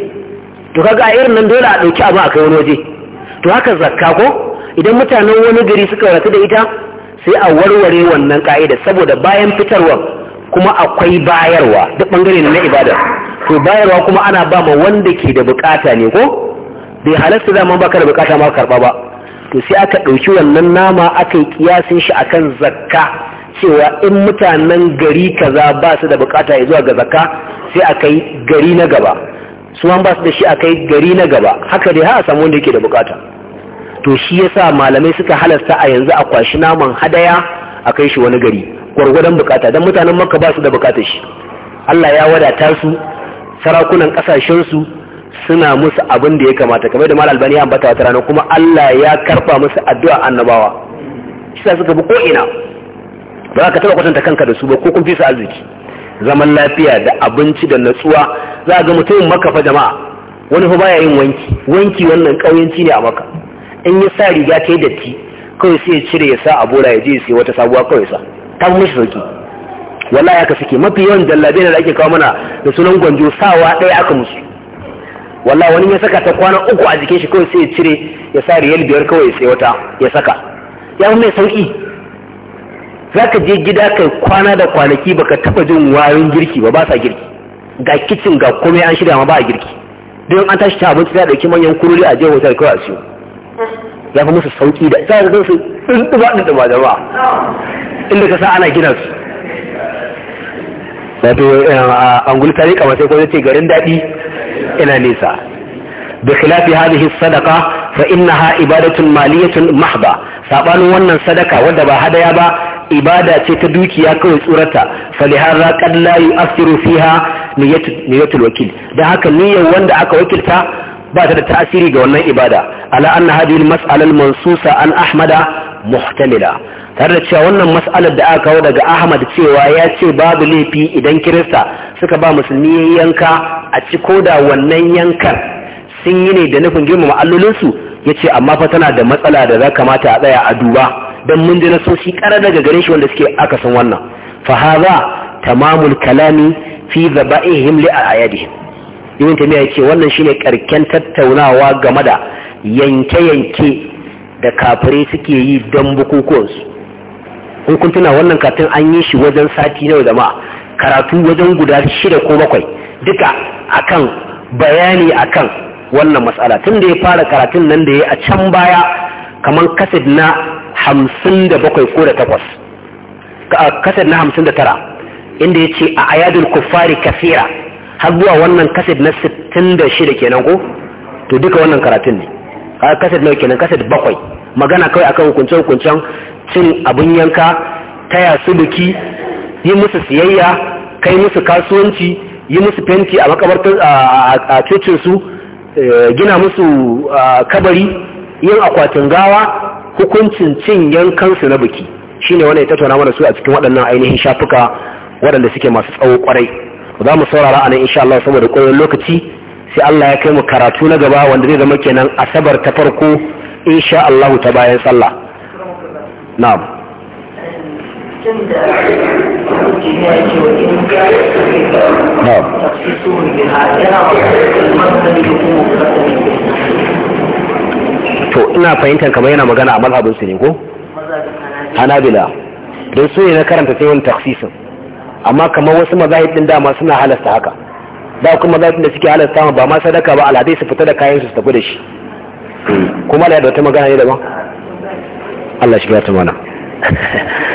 to kaga a irin nan dole a ɗauki abu a kai wani waje to haka zakka ko idan mutanen wani gari suka wadatu da ita sai a warware wannan ka'ida saboda bayan fitarwa kuma akwai bayarwa duk bangare na ibada to bayarwa kuma ana ba ma wanda ke da bukata ne ko bai halasta zaman baka da bukata ma karba ba to sai aka ɗauki wannan nama aka yi kiyasin shi akan zakka cewa in mutanen gari kaza ba su da bukata ya zuwa ga zakka sai a kai gari na gaba su ba su da shi a kai gari na gaba haka dai ha samu wanda yake da bukata to shi yasa malamai suka halasta a yanzu a kwashi naman hadaya a kai shi wani gari gwargwadon bukata don mutanen makka ba su da bukatar shi Allah ya wadata su sarakunan kasashensu suna musu abin da ya kamata kamar da malal albani ya ambata wata rana kuma Allah ya karfa musu addu'a annabawa shi suka bi ko ina ba ka taba kwatanta kanka da su ba ko kun fi su arziki zaman lafiya da abinci da natsuwa za a ga mutumin maka fa jama'a wani fa baya yin wanki wanki wannan kauyanci ne a maka in ya sa riga ta yi datti kawai sai ya cire ya sa a bora ya je sai wata sabuwa kawai sa ta mishi sauki wallahi aka suke mafi yawan jallabe da ake kawo mana da sunan gwanjo sawa ɗaya aka musu wallahi wani ya saka ta kwana uku a jikin shi kawai sai ya cire ya sa riyal biyar kawai sai wata ya saka ya mai sauki za ka je gida kai kwana da kwanaki ba ka taba jin wayoyin girki ba ba sa girki ga kicin ga komai an shirya ma ba a girki don an tashi ta abinci za a ɗauki manyan kururi a je hotel kawai a siyo ya fi musu sauƙi da za a zo su ɗinɗuba ɗinɗuba da inda ka sa ana gina su wato eh, angulka ne kamar sai ko ce garin daɗi ina nesa بخلاف هذه الصدقة فإنها إبادة مالية محضة سابان ونن صدقة ودبا هدايا با إبادة تدوك ياكو سورة فلهذا قد لا يؤثر فيها نية, نية الوكيل ده هكا نية وند أكا وكيلتا بعد التأثير جوانا إبادة على أن هذه المسألة المنصوصة عن أحمد muhtamila tare da cewa wannan mas'alar da aka kawo daga Ahmad cewa ya ce babu laifi idan Kirista suka ba musulmi yanka a ci koda wannan yankan sun yi ne da nufin girmama allolinsu ya ce amma fa tana da matsala da za kamata a tsaya a duba don mun ji nasoshi ƙara daga gare shi wanda suke akasin wannan fahaza tamamul kalami fi zaba'ihim li ayadihim ibn tamiya yace wannan shine karken tattaunawa game da yanke-yanke da kafire suke yi don su in kun tuna wannan katin an yi shi wajen sati na zama karatu wajen guda shida ko bakwai duka akan bayani akan wannan matsala tun da ya fara karatun nan da ya a can baya kamar kasid na hamsin da bakwai ko da takwas kasid na hamsin da tara inda ya ce a ayadul kufari kafira har zuwa wannan kasid na sittin da shida kenan ko to duka wannan karatun ne kasid nawa kenan kasid bakwai magana kawai akan hukunce hukuncen cin abin yanka taya su biki yi musu siyayya kai musu kasuwanci yi musu fenti a makabartar a cocin su Eh, gina musu kabari yin akwatin gawa hukuncin cin yankansu na biki shine wanda ya tattauna mana su a cikin waɗannan ainihin shafuka waɗanda suke masu tsawo kwarai za mu saurara a nan insha Allah saboda koyon lokaci sai Allah ya kai mu karatu na gaba wanda zai zama kenan asabar ta farko insha Allah ta bayan sallah na'am to ina fahimtar kamar yana magana a mazhabin su ne ko hanabila don su ne na karanta sai wani taksisin amma kamar wasu mazahib din dama suna halasta haka da kuma mazahib da suke halasta ma ba ma sadaka ba alhadai su fita da kayan su tafi da shi kuma da wata magana ne daban Allah shi ya ta mana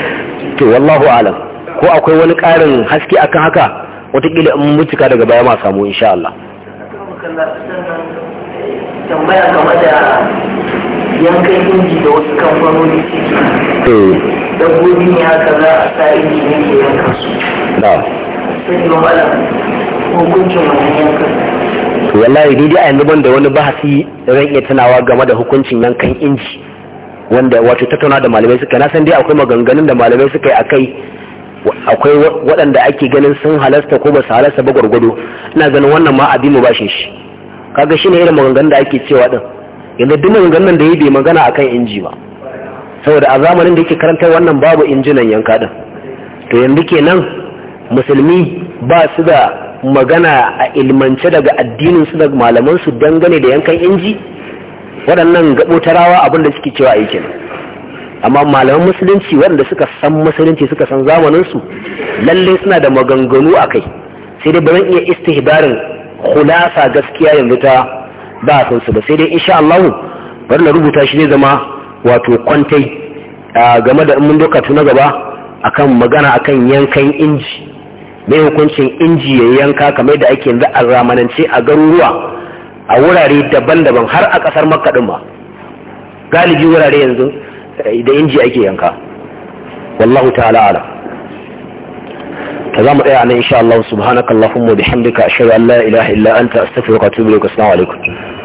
to wallahu alam ko akwai wani ƙarin haske akan haka watakila in mutuka daga baya ma samu insha Allah eh. a wallahi ni dai a yanzu ban da wani bahasi zan iya tunawa game da hukuncin yankan inji wanda wato tattauna da malamai suka na san dai akwai maganganun da malamai suka yi akai akwai waɗanda ake ganin sun halasta ko ba su halasta ba gwargwado ina ganin wannan ma abin mu bashin shi kaga shi ne irin maganganun da ake cewa din yanzu duk maganganun da yi bai magana akan inji ba saboda a zamanin da yake karanta wannan babu injinan yanka din to yanzu kenan musulmi ba su da magana a ilmance daga addinin su da malaman su dangane da yankan inji waɗannan gaɓotarawa abinda suke cewa aikin amma malaman musulunci waɗanda suka san musulunci suka san zamaninsu lallai suna da maganganu a kai sai dai ba zan iya istihbarin hulasa gaskiya yanzu ta ba a sansu ba sai dai insha Allah bari na rubuta shi zai zama wato kwantai game da mun doka tuna gaba akan magana akan yankan inji mai hukuncin inji ya yanka kamar da ake yanzu a zamanance a garuruwa a wurare daban-daban har a kasar makka ba ma galibi wurare yanzu eh, da inji ake yanka wallahu ta'ala ala ta za mu tsaya nan insha Allah subhanakallahumma bihamdika ashhadu an la ilaha illa anta astaghfiruka wa atubu ilaik assalamu alaikum